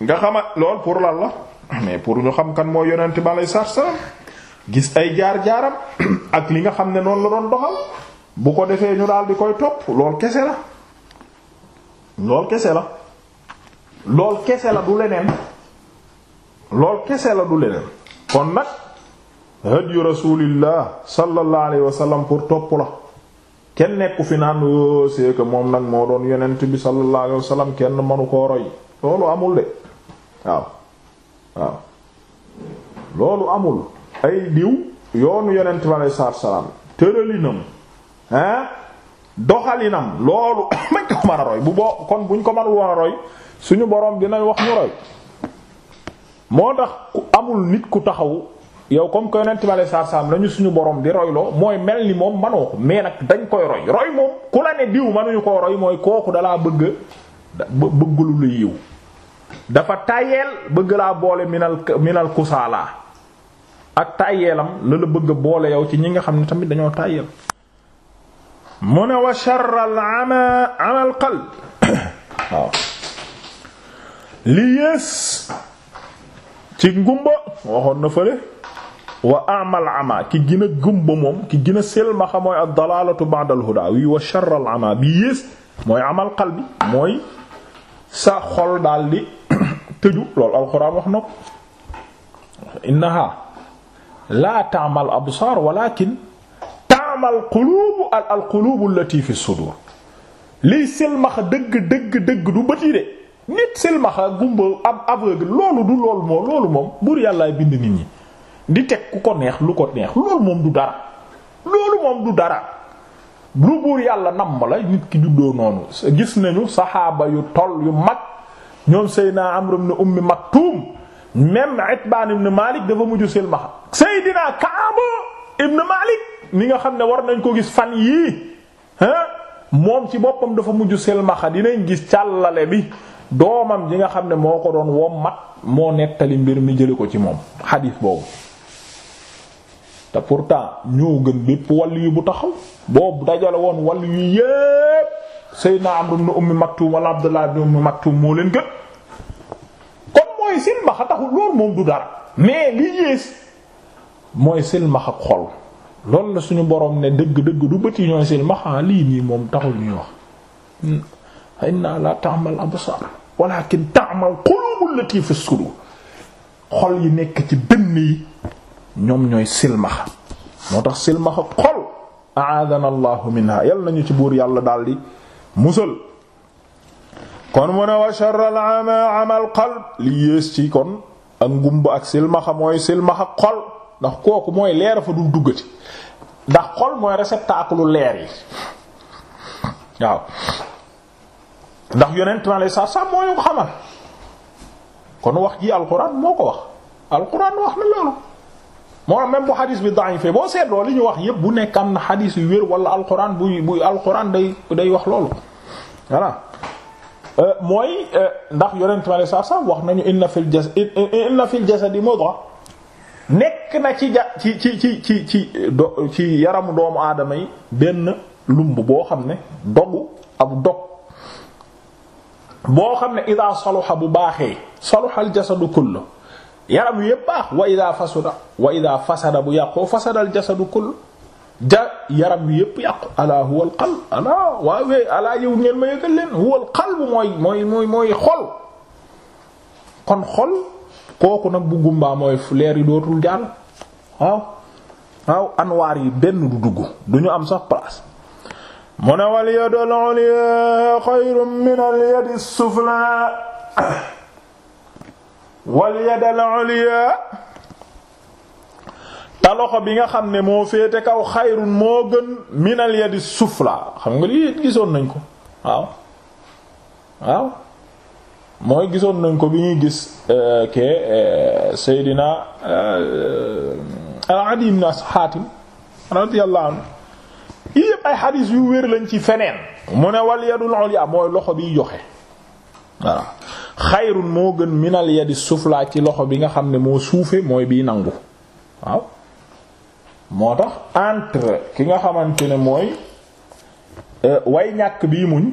nga xama lool pour lan la mais pour ñu xam kan moo yonent bi alayhi salaam gis ay jaar-jaaram <clears throat> ak li nga xam ne noonu la doon doxal bu ko defee ñu daal di koy topp kese la lool kese la lool kese la du leneen. lool kese la du leneen kon nag hadiyu rasulillah sallallahu alayhi wa pour topp la kenn nekku fi naan yoo oh, c'est que moom nag moo doon yonent bi sallallahu alayhi kenn mënu koo roy loolu amul de waaw waaw loolu amul ay diw yoonu yenent bi alayhi salaatu wa salaam tëralinam ah doxalinam loolu <coughs> <coughs> mañ ko mën a roy bu boo kon buñ ko mën woon a roy suñu boroom dinañ wax ñu roy moo tax ku amul nit ku taxaw yow comme que yonent bi saa saam lañu suñu borom di royloo mooy mel ni moom manoo ko mais nag dañ koy roy roy moom ku la ne diw manuñu koo roy mooy kooku dalaa bëgg bëggulu la yiw dafa tàyyeel bëgg laa boole minal minal kusaalaa ak tàyyeelam la la bëgg boole yow ci ñi nga xam ne tamit dañoo tàyyeel mu ne wa sharral ama amal qalb <coughs> li yées ci ngumba waxoon na fële wa amal ama ki gën a moom ki gën a mooy ad dalalatu ba'da al huda wa sharr al ama bi yées mooy amal qalbi mooy sa xol daal di <clears throat> tëju loolu alquran wax na ko innaha la ta'mal absar walakin ta'mal qulub al qulub allati fi sudur liy selmaxa dëgg dëgg dëgg du bët yi de nit silmaxa gumba ab aveugle loolu du loolu moom loolu moom buur yàllaay bind nit ñi di teg ku ko neex lu ko neex loolu moom du dara loolu moom du dara lu buur yàlla namm nit ki juddoo noonu gis nañu saxaaba yu toll yu mag ñoom Seydina Amr ibn Ummi Maktum même Itbaan ibn Malik dafa mujj silmaxa Seydina Kaab ibn Malik mi nga xam ne war nañ ko gis fan yii hein moom ci boppam dafa mujj silmaxa dinañ gis càllale bi doomam ji nga xam ne moo ko doon wommat moo nettali mbir mi jële ko ci moom xadiis boobu te pourtant ñoo gën bépp wàllu yu bu taxaw boobu dajale woon wàllu yu yépp Seydina Amru ibn Ummi Maktum wala Abdullah ibn Ummi Maktum moo leen gën kon mooy silmaxa taxul loolu moom du dara mais li yées mooy silmax ak xol loolu la suñu borom ne dëgg-dëgg du bët yi ñooy silmaxa lii nii moom taxul ñuy wax inna la ta'mal absar walakin ta'mal qulubul lati fi sudur xol yi nekk ci dënn yi ñoom ñooy silmaxa moo tax silmaxa xol aadana allahu minha yal nañu ci buur yàlla daal di musal kon mu ne wa sharral ama amal qalb li yées ci kon ak ngumba ak silmaxa mooy silmaxa xol ndax kooku mooy leer fa dul duggati ndax xol mooy réceptacle leer yi waaw ndax yonent ma lay sax sax moo ñu ko xamal kon wax ji alquran moo ko wax alquran wax na loolu moo même bu xadis bi da'if boo seetloo li ñu wax yépp bu nekk am na xadis yu wér wala alquran buy buy alquran day day wax loolu voilà euh, mooy euh, ndax yonent ma lay sax sax wax nañu inna fil jasad inna fil jasadi mudgha nekk na ci ja ci ci ci ci ci yaramu doomu aadama yi benn lumb boo xam ne dogu ab dog boo xam ne ida saluxa bu baaxee saluxal jasadu kullu yaram yépp baax wa ida fasada wa ida bu yàqoo fasadal jasadu kullu ja yaram wi yépp yàqu alaa huwa al alaa waawee alaa ma yëgal leen huwa al mooy mooy mooy xol kon xol kooku nag bu gumbaa mooy leer yi dootul jàll waaw waaw anwaar yi benn du dugg duñu am sax place mu ne wal yadul ulya xayrun min al yadi wal yadul ulya te loxo bi nga xam ne moo féete kaw xayrun moo gën min al yadi xam nga lii gisoon nañ ko waaw waaw mooy gisoon nañ ko bi ñuy gis euh, ke euh, Seydina al euh, Adi ibn Haatim radiyallahu anhu yii yëpp ay xadiis yu wér lañ ci feneen mu ne wal yadul ulya mooy loxo biy joxe waaw xayrun moo gën minal yadi sufla ci loxo bi nga xam ne moo suufe mooy biy nangu waaw moo tax entre ki nga xamante ne mooy euh, way ñàkk bii muñ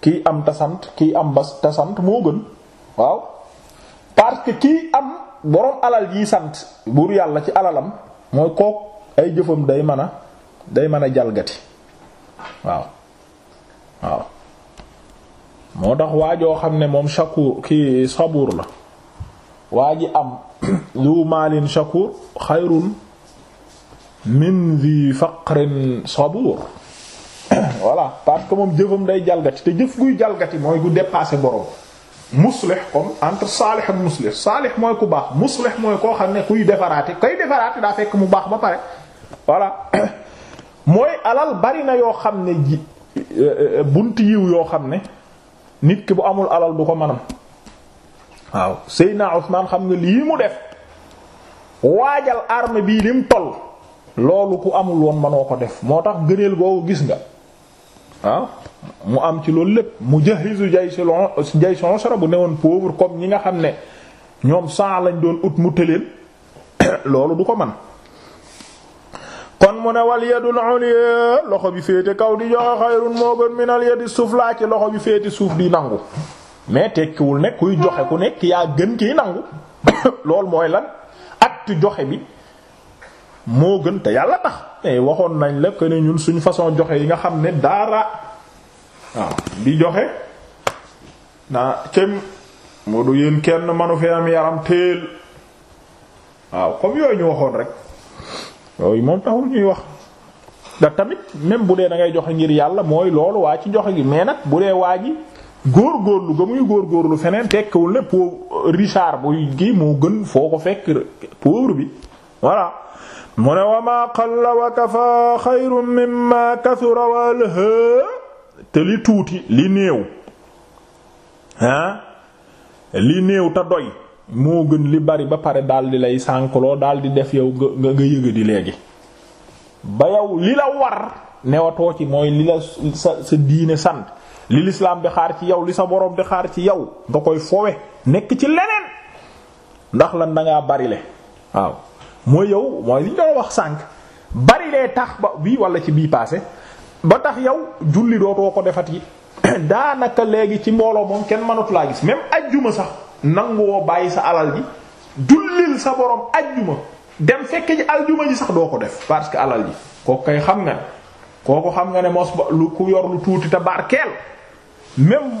kiy am tasant kiy am bas tasant moo gën waaw parce que kiy am boroom alal yi sant buur yàlla ci alalam mooy kook ay jëfam day mën a day mën a jalgati waaw waaw moo tax waajoo xam ne moom shakuur ki sabuur la waa ji am lu <clears throat> maalin shakuur xayrun min di faqrin sabuur <clears throat> voilà parce que moom jëfam day jalgati te jëf kuy jalgati mooy gu dépasser borom muslih comme entre saalih ak muslih saalih mooy ku baax muslih mooy koo xam ne kuy defaraate kay defaraate daa fekk mu baax ba pare voilà <clears throat> mooy alal bari na yoo xam ne ji euh, euh, bunt yiw yoo xam ne nit ki bu amul alal du ko manam waaw Seydina Usmaan xam nga lii mu def waajal arme bii lim tol loolu ku amul woon manoo ko def moo tax gëneel googu gis nga waaw ah, mu am ci loolu lépp mu jahizu jayshul jayshul usra bu newoon pauvre comme ñi nga xam ne ñoom saa lañ doon ut mu tëleen <coughs> loolu du ko man kon mu ne wal yadul ulya loxo bi féete kaw di joxe xayrun moo gën minal yadi sufla ci loxo bi féete suuf bi nangu mais tekkiwul ne kuy joxe ku nekk yaa gën kiy nangu <coughs> loolu mooy lan acte joxe bi moo gën te yàlla tax mais waxoon nañ la ne ñun suñ façon joxe yi nga xam ne dara waaw di joxe naa cëm moo du yéen kenn manu fi am yaram teel waaw comme yooyu ñu waxoon rek. yooyu moom taxul ñuy wax da tamit même bu dee da ngay joxe ngir yàlla mooy loolu waa ci joxe gi mais nag bu dee waa góor góorgóorlu ga góor góorlu feneen tekkiwul ne pauvre Richard buy gi moo gën foo ko fekk pauvre bi voilà mu ne wamaa qalla wa kafa xayrun mimma kathura walha te li tuuti li néew ah li néew te doy moo gën li bari ba pare daal di lay sànkloo daal di def yow nga nga yëga di léegi ba yow li la war newatoo ci mooy li la sa sa diine sant li lislaam bi xaar ci yow li sa boroom bi xaar ci yow nga koy fowe nekk ci leneen ndax lan dangaa barile waaw mooy yow mooy li ñu doon wax sànk barilee tax ba bii wala ci bii passé ba tax yow julli dootoo ko defat yi <coughs> daanaka léegi ci mbooloo moom kenn mënatu laa gis même ajjuma sax nanguwoo bàyyi sa alal ji jullil sa borom ajjuma dem fekke ji aljuma ji sax doo ko def parce que alal ji kooku kay xam nga ne kooku xam nga ne mos lu ku yor lu tuuti te barkeel même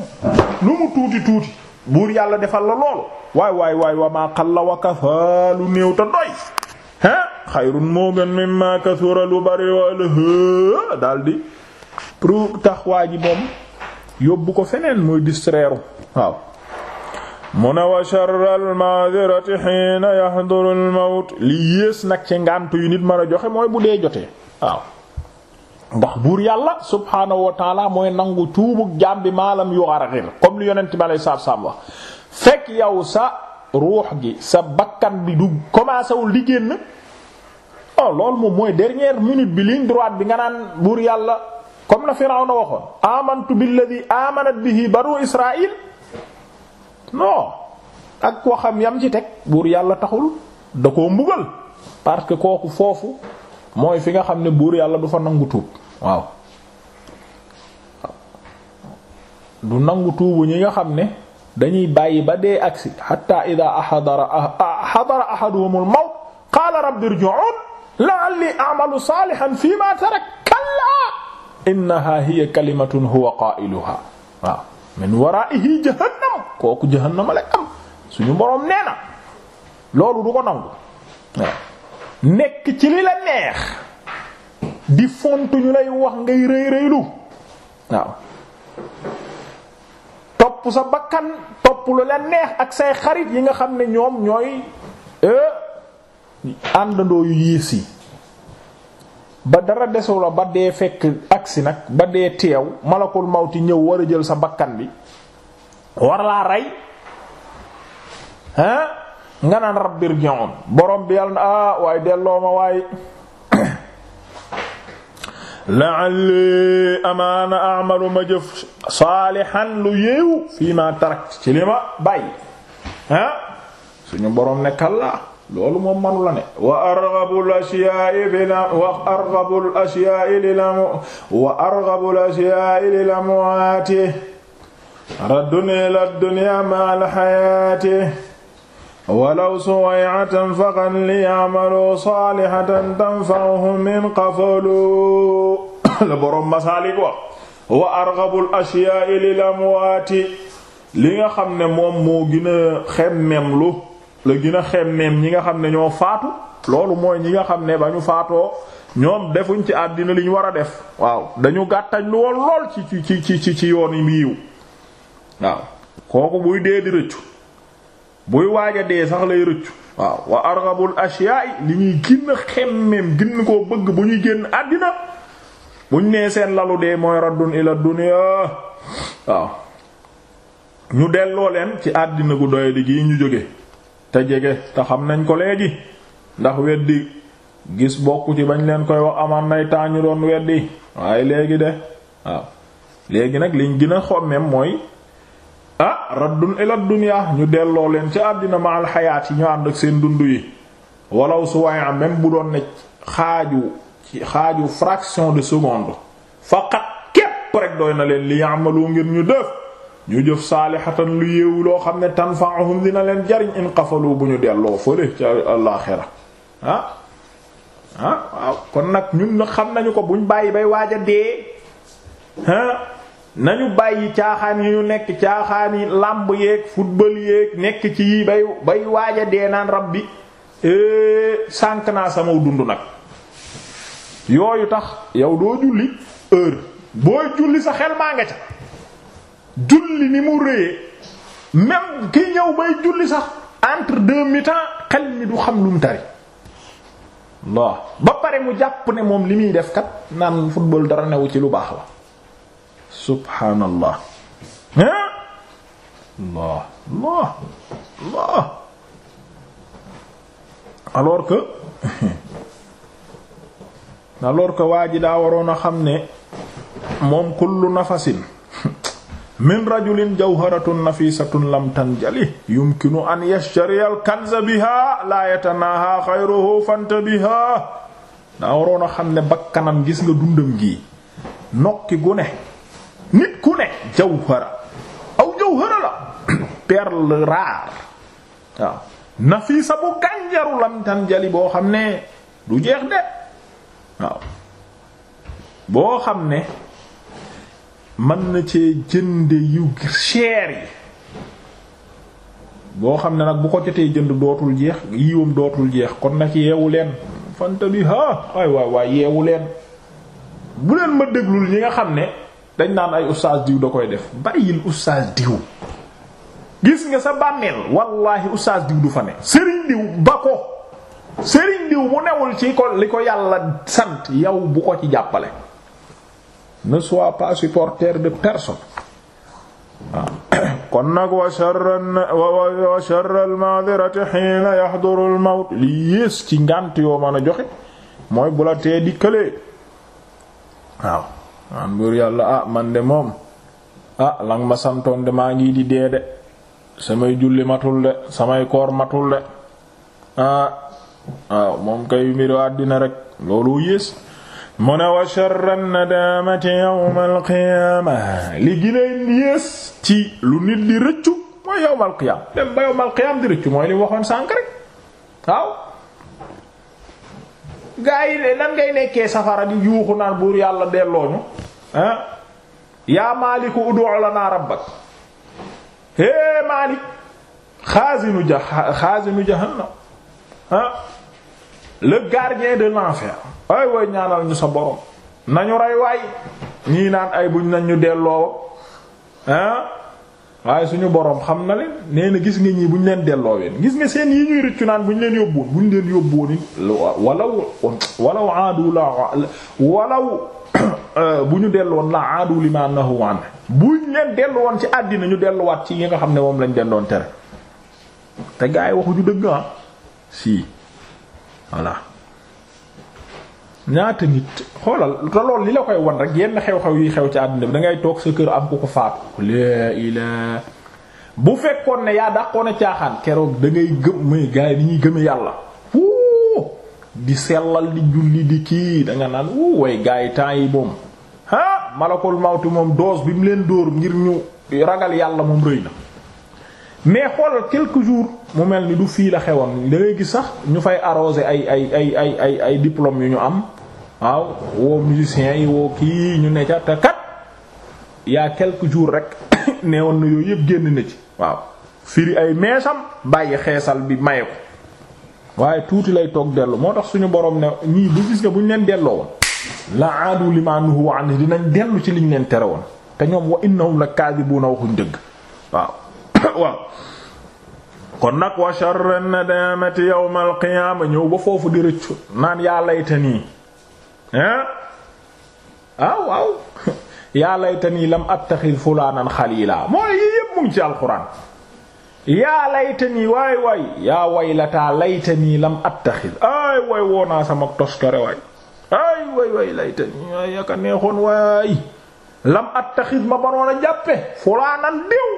lu mu tuuti tuuti buur yàlla defal la loolu waay waay waay wa maa lu néew te doy ah xayrun moo gën mimma kasura lu bari wala daldi pour tax waa ji moom yóbbu ko feneen muy distraire waaw mu ne wa sharra almaadirati xiina yahduru almawt li yées nag ci ngànt yu nit mën a joxe mooy bu dee jotee ndax buur yàlla subhaanahu wa taala mooy nangu tuubug jaam bi maalam yu argir comme li fekk yow sa ruux gi sa bakkan bi du commencé wul di génn oh loolu moom mooy dernière minute bi ligne droite bi nga naan buur yàlla comme la Firawna waxoon amantu billadi amanat bihi banu Israil non ak koo yam ci teg buur yàlla taxul da koo mbugal parce que kooku foofu mooy fi nga xam ne buur yàlla du fa nangu tuub waaw du nangu tuubu ñi nga xam ne dañuy bàyyi ba dee agsi hatta ida ahadara ah, ahadara ahaduhumul mawt qaala rabbi irji'un la'alli a'malu salihan fi ma tarak kalla innaha hiya huwa qaa'iluha min waraihi jahannam kooku jahannama lay am suñu boroom nee na loolu du ko nangu nekk ci li la neex di fontu ñu lay wax ngay rëy rëylu waaw topp sa bakkan topp lu la neex ak say xarit yi nga xam ne ñoom ñooy euh, àndandoo yu yiis yi ba dara desulo ba dee fekk agsi nag ba dee teew malakul mawti ñëw war a jël sa bakkan bi war laa rey ah nga naan rabbi irji'un borom bi yàlla na ah waaye delloo ma waaye <coughs> la'alli amaana a'malu ma jëf saalihan lu yeewu fii ma tarak ci li ma bàyyi ah suñu borom nekkal la loolu moom manu wa arghabul ashyaa'i lil wa arghabul ashyaa'i lil amwaati raddun ila dunya ma'al hayaati walaw suwayatan faqan liya'malu salihatan tanfa'uhum min qafalu <coughs> la boroom masaalik wax wa arghabul ashyaa'i lil amwaati li nga xam ne moom moo gën a la gën a ñi nga xam ne ñoo faatu loolu mooy ñi nga xam ne ba ñu faatoo ñoom defuñ ci àddina li ñu war a def waaw dañu gàttañ lu woon lool ci ci ci ci yoon yi yiw waaw kooku buy dee di rëccu buy waaj a dee sax lay rëccu waaw wa arghabul ashiya'i li ñuy gën a xemmeem gën bëgg bu ñuy génn àddina buñ nee seen lalu dee mooy raddun ila dunya waaw ñu delloo leen ci àddina gu doy di ñu jóge te jege te xam nañ ko léegi ndax weddi gis bokku ci bañ leen koy wax amaan nay taañu doon weddi waaye léegi de waaw léegi nag liñ gën a xommeem mooy ah raddun ila ñu delloo leen ci àddina ma alxayaat yi ñu ànd ak seen dund yi walaw su waay am bu doon ne xaaju xaaju fraction de seconde faqat képp rek doy na leen li ya'malu ngir ñu def ñu jëf saalihatan lu yéewu loo xam ne tanfa'uhum dina leen jariñ in qafalu bu ñu delloo fële ca àllaxira ah ah waaw kon nag ñun xam nañu ko buñ bàyyi bay waaj a dee ah, nañu bàyyi caaxaan yi nekk ci yi bay bay dee naan rab bi eh, sànk naa sama dund nag yooyu tax yow doo julli heure booy julli sa xel maa nga ca julli ni mu rëyee même ki ñëw bay julli sax entre deux mi-temps xel mi du xam lu mu tari waaw ba pare mu jàpp ne moom li muy def kat naan football dara newu ci lu baax la subhaanallah hein Allah Allah Allah alors que <laughs> alors waa ji daa waroon a xam ne moom kullu nafasin <laughs> min rajulin jawharatun nafisatun lam tanjali yumkinu an yashtariya al kanza biha la yatanaha xayruhu fantabiha daa waroon a xam ne bakkanam gis nga dundam gi nokki gu ne nit ku ne jawhara aw jawhara la <coughs> perle rare waaw nafisa bu gànjaru lam tanjali boo xam ne du jeex de waaw boo xam ne mën na ci jënde yu cher yi boo xam ne nag bu ko jotee jënd dootul jeex yiwam dootul jeex kon nag yeewu leen fanta bi ah waay waay waay yeewu leen bu leen ma déglul ñi nga xam ne dañ naan ay ustaas diw da koy def bàyyil ustaas diw gis nga sa bàmmeel wallaahi ustaas diw du fa ne sëriñ diw ba ko sëriñ diw mu newul ci ko li ko yàlla sant yow bu ko ci jàppale ne sois pas supporter de personne waaw kon nag wa wa sharra al-ma'dhirati hiina yahduru al-mawt li yées ci ngànt yoo mën a joxe mooy bu tee di këlee waaw man buur yàlla ah man de moom ah lang ma santoon de maa ngi di dee de samay julli matul de samay koor matul de ah waaw moom kay mbiru àddina rek loolu yées mu ne wa sharra nadaamati yawmal qiyaama li gënee yées ci lu nit di rëccu mooy yawmal qiyaam dem ba yawmal qiyaam di rëccu mooy li waxoon sànk rek yi de ngay nekkee safara di yuuxu naan buur yàlla dellooñu ah yaa maaliku ud'u lanaa rabbak hee maalik xaazinu ja xaazinu jahannam ah le gardien de l'enfer ay way ñaanal ñu sa borom nañu rey waay ñii naan ay buñ nañ ñu delloo ah waaye suñu borom xam na leen nee na gis nga ñii buñ leen delloo ween gis nga seen yi ñuy rëccu naan buñ leen yóbbuwoon buñ leen yóbbuwoon walaw walaw aadu la walaw euh, bu ñu delloon la aadu li bu nahu an buñ leen ci àddina ñu delluwaat ci yi nga xam ne moom lañ dendoon tere te gaa yi waxuñu dëgg ah si voilà. ñaata nit xoolal te li la koy wan rek yenn xew-xew yuy xew ci àdduna bi da toog sa kër ak ku ko faatu. la ilaa bu fekkoon ne yaa dàqoon a caaxaan keroog da ngay gëm muy gars yi ñuy gëmee yàlla. di sellal di julli di kii da nga naan wuu way gars yi temps yi moom ah malakul mawtu moom doos bi mu leen dóor ngir ñu ragal yàlla moom rëy na. mais xoolal quelque jours mu mel ni du fii la xewoon da ngay gis sax ñu fay arrosé ay ay ay ay ay ay diplômes yu ñu am waaw woo musiciens yi woo kii ñu ne ca te kat yaa quelques jours rek <coughs> nee woon na yooyu yëpp génn na ci waaw firi ay meesam bàyyi xeesal bi maye ko waaye tuuti lay toog dellu moo tax suñu borom ne ñii bu gis bu ñu leen delloo woon la aadu limaa nuhu anhu dinañ dellu ci liñ leen tere woon te ñoom wa innahum la kaadibuuna na dëgg waaw <laughs> waaw kon nag wa sharra nadamati yawmal qiyaama ñëw ba foofu di rëccu naan yaa layta nii ah ah <laughs> yaa layta lam attaxid fulaanan xaliilaa mooy yépp mu ngi ci alxuraan yaa layta waay waay yaa waylataa layta lam attaxid ay waay woonaa sama toskare waay ay waay waay layta nii yaka neexoon waay lam attaxid ma baroon jàppe fulaanan diw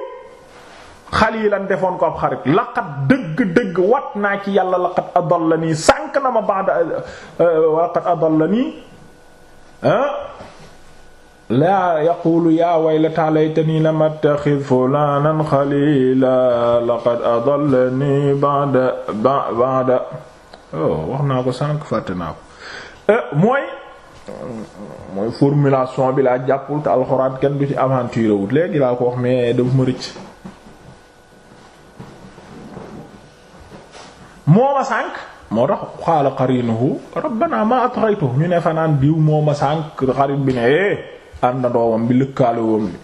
xalilan defoon ko ab xarit laqat dëgg-dëgg wat naa ci yàlla laqat adallani sànk na ma ba'da euh, laqat ah, oh, wax naa ko sànk fàtte naa ko euh, mooy mooy formulation bi laa jàppul te alxuraan kenn du ci aventure léegi laa ko wax mais dafa ma rëcc moo ma sànk moo tax xaala qarinuhu rabbana ma atghaytuhu ñu ne fanaan biiw moo ma sànq xarit bi ne eh àndandoowam bi lëkkaale woom bi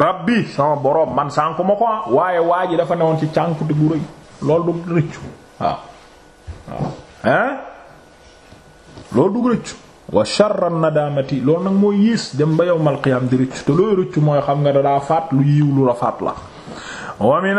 rabbi sama boroom man sànq ma ko ah. waaye waa ji dafa newoon ci cànkute gu rëy loolu du rëccu waaw waaw hein loolu du rëccu wa sharra nadamati loolu nag mooy yées dem ba yowmal qiyaam di rëccu te looy rëccu mooy xam nga da daa faat lu yiw lu faat la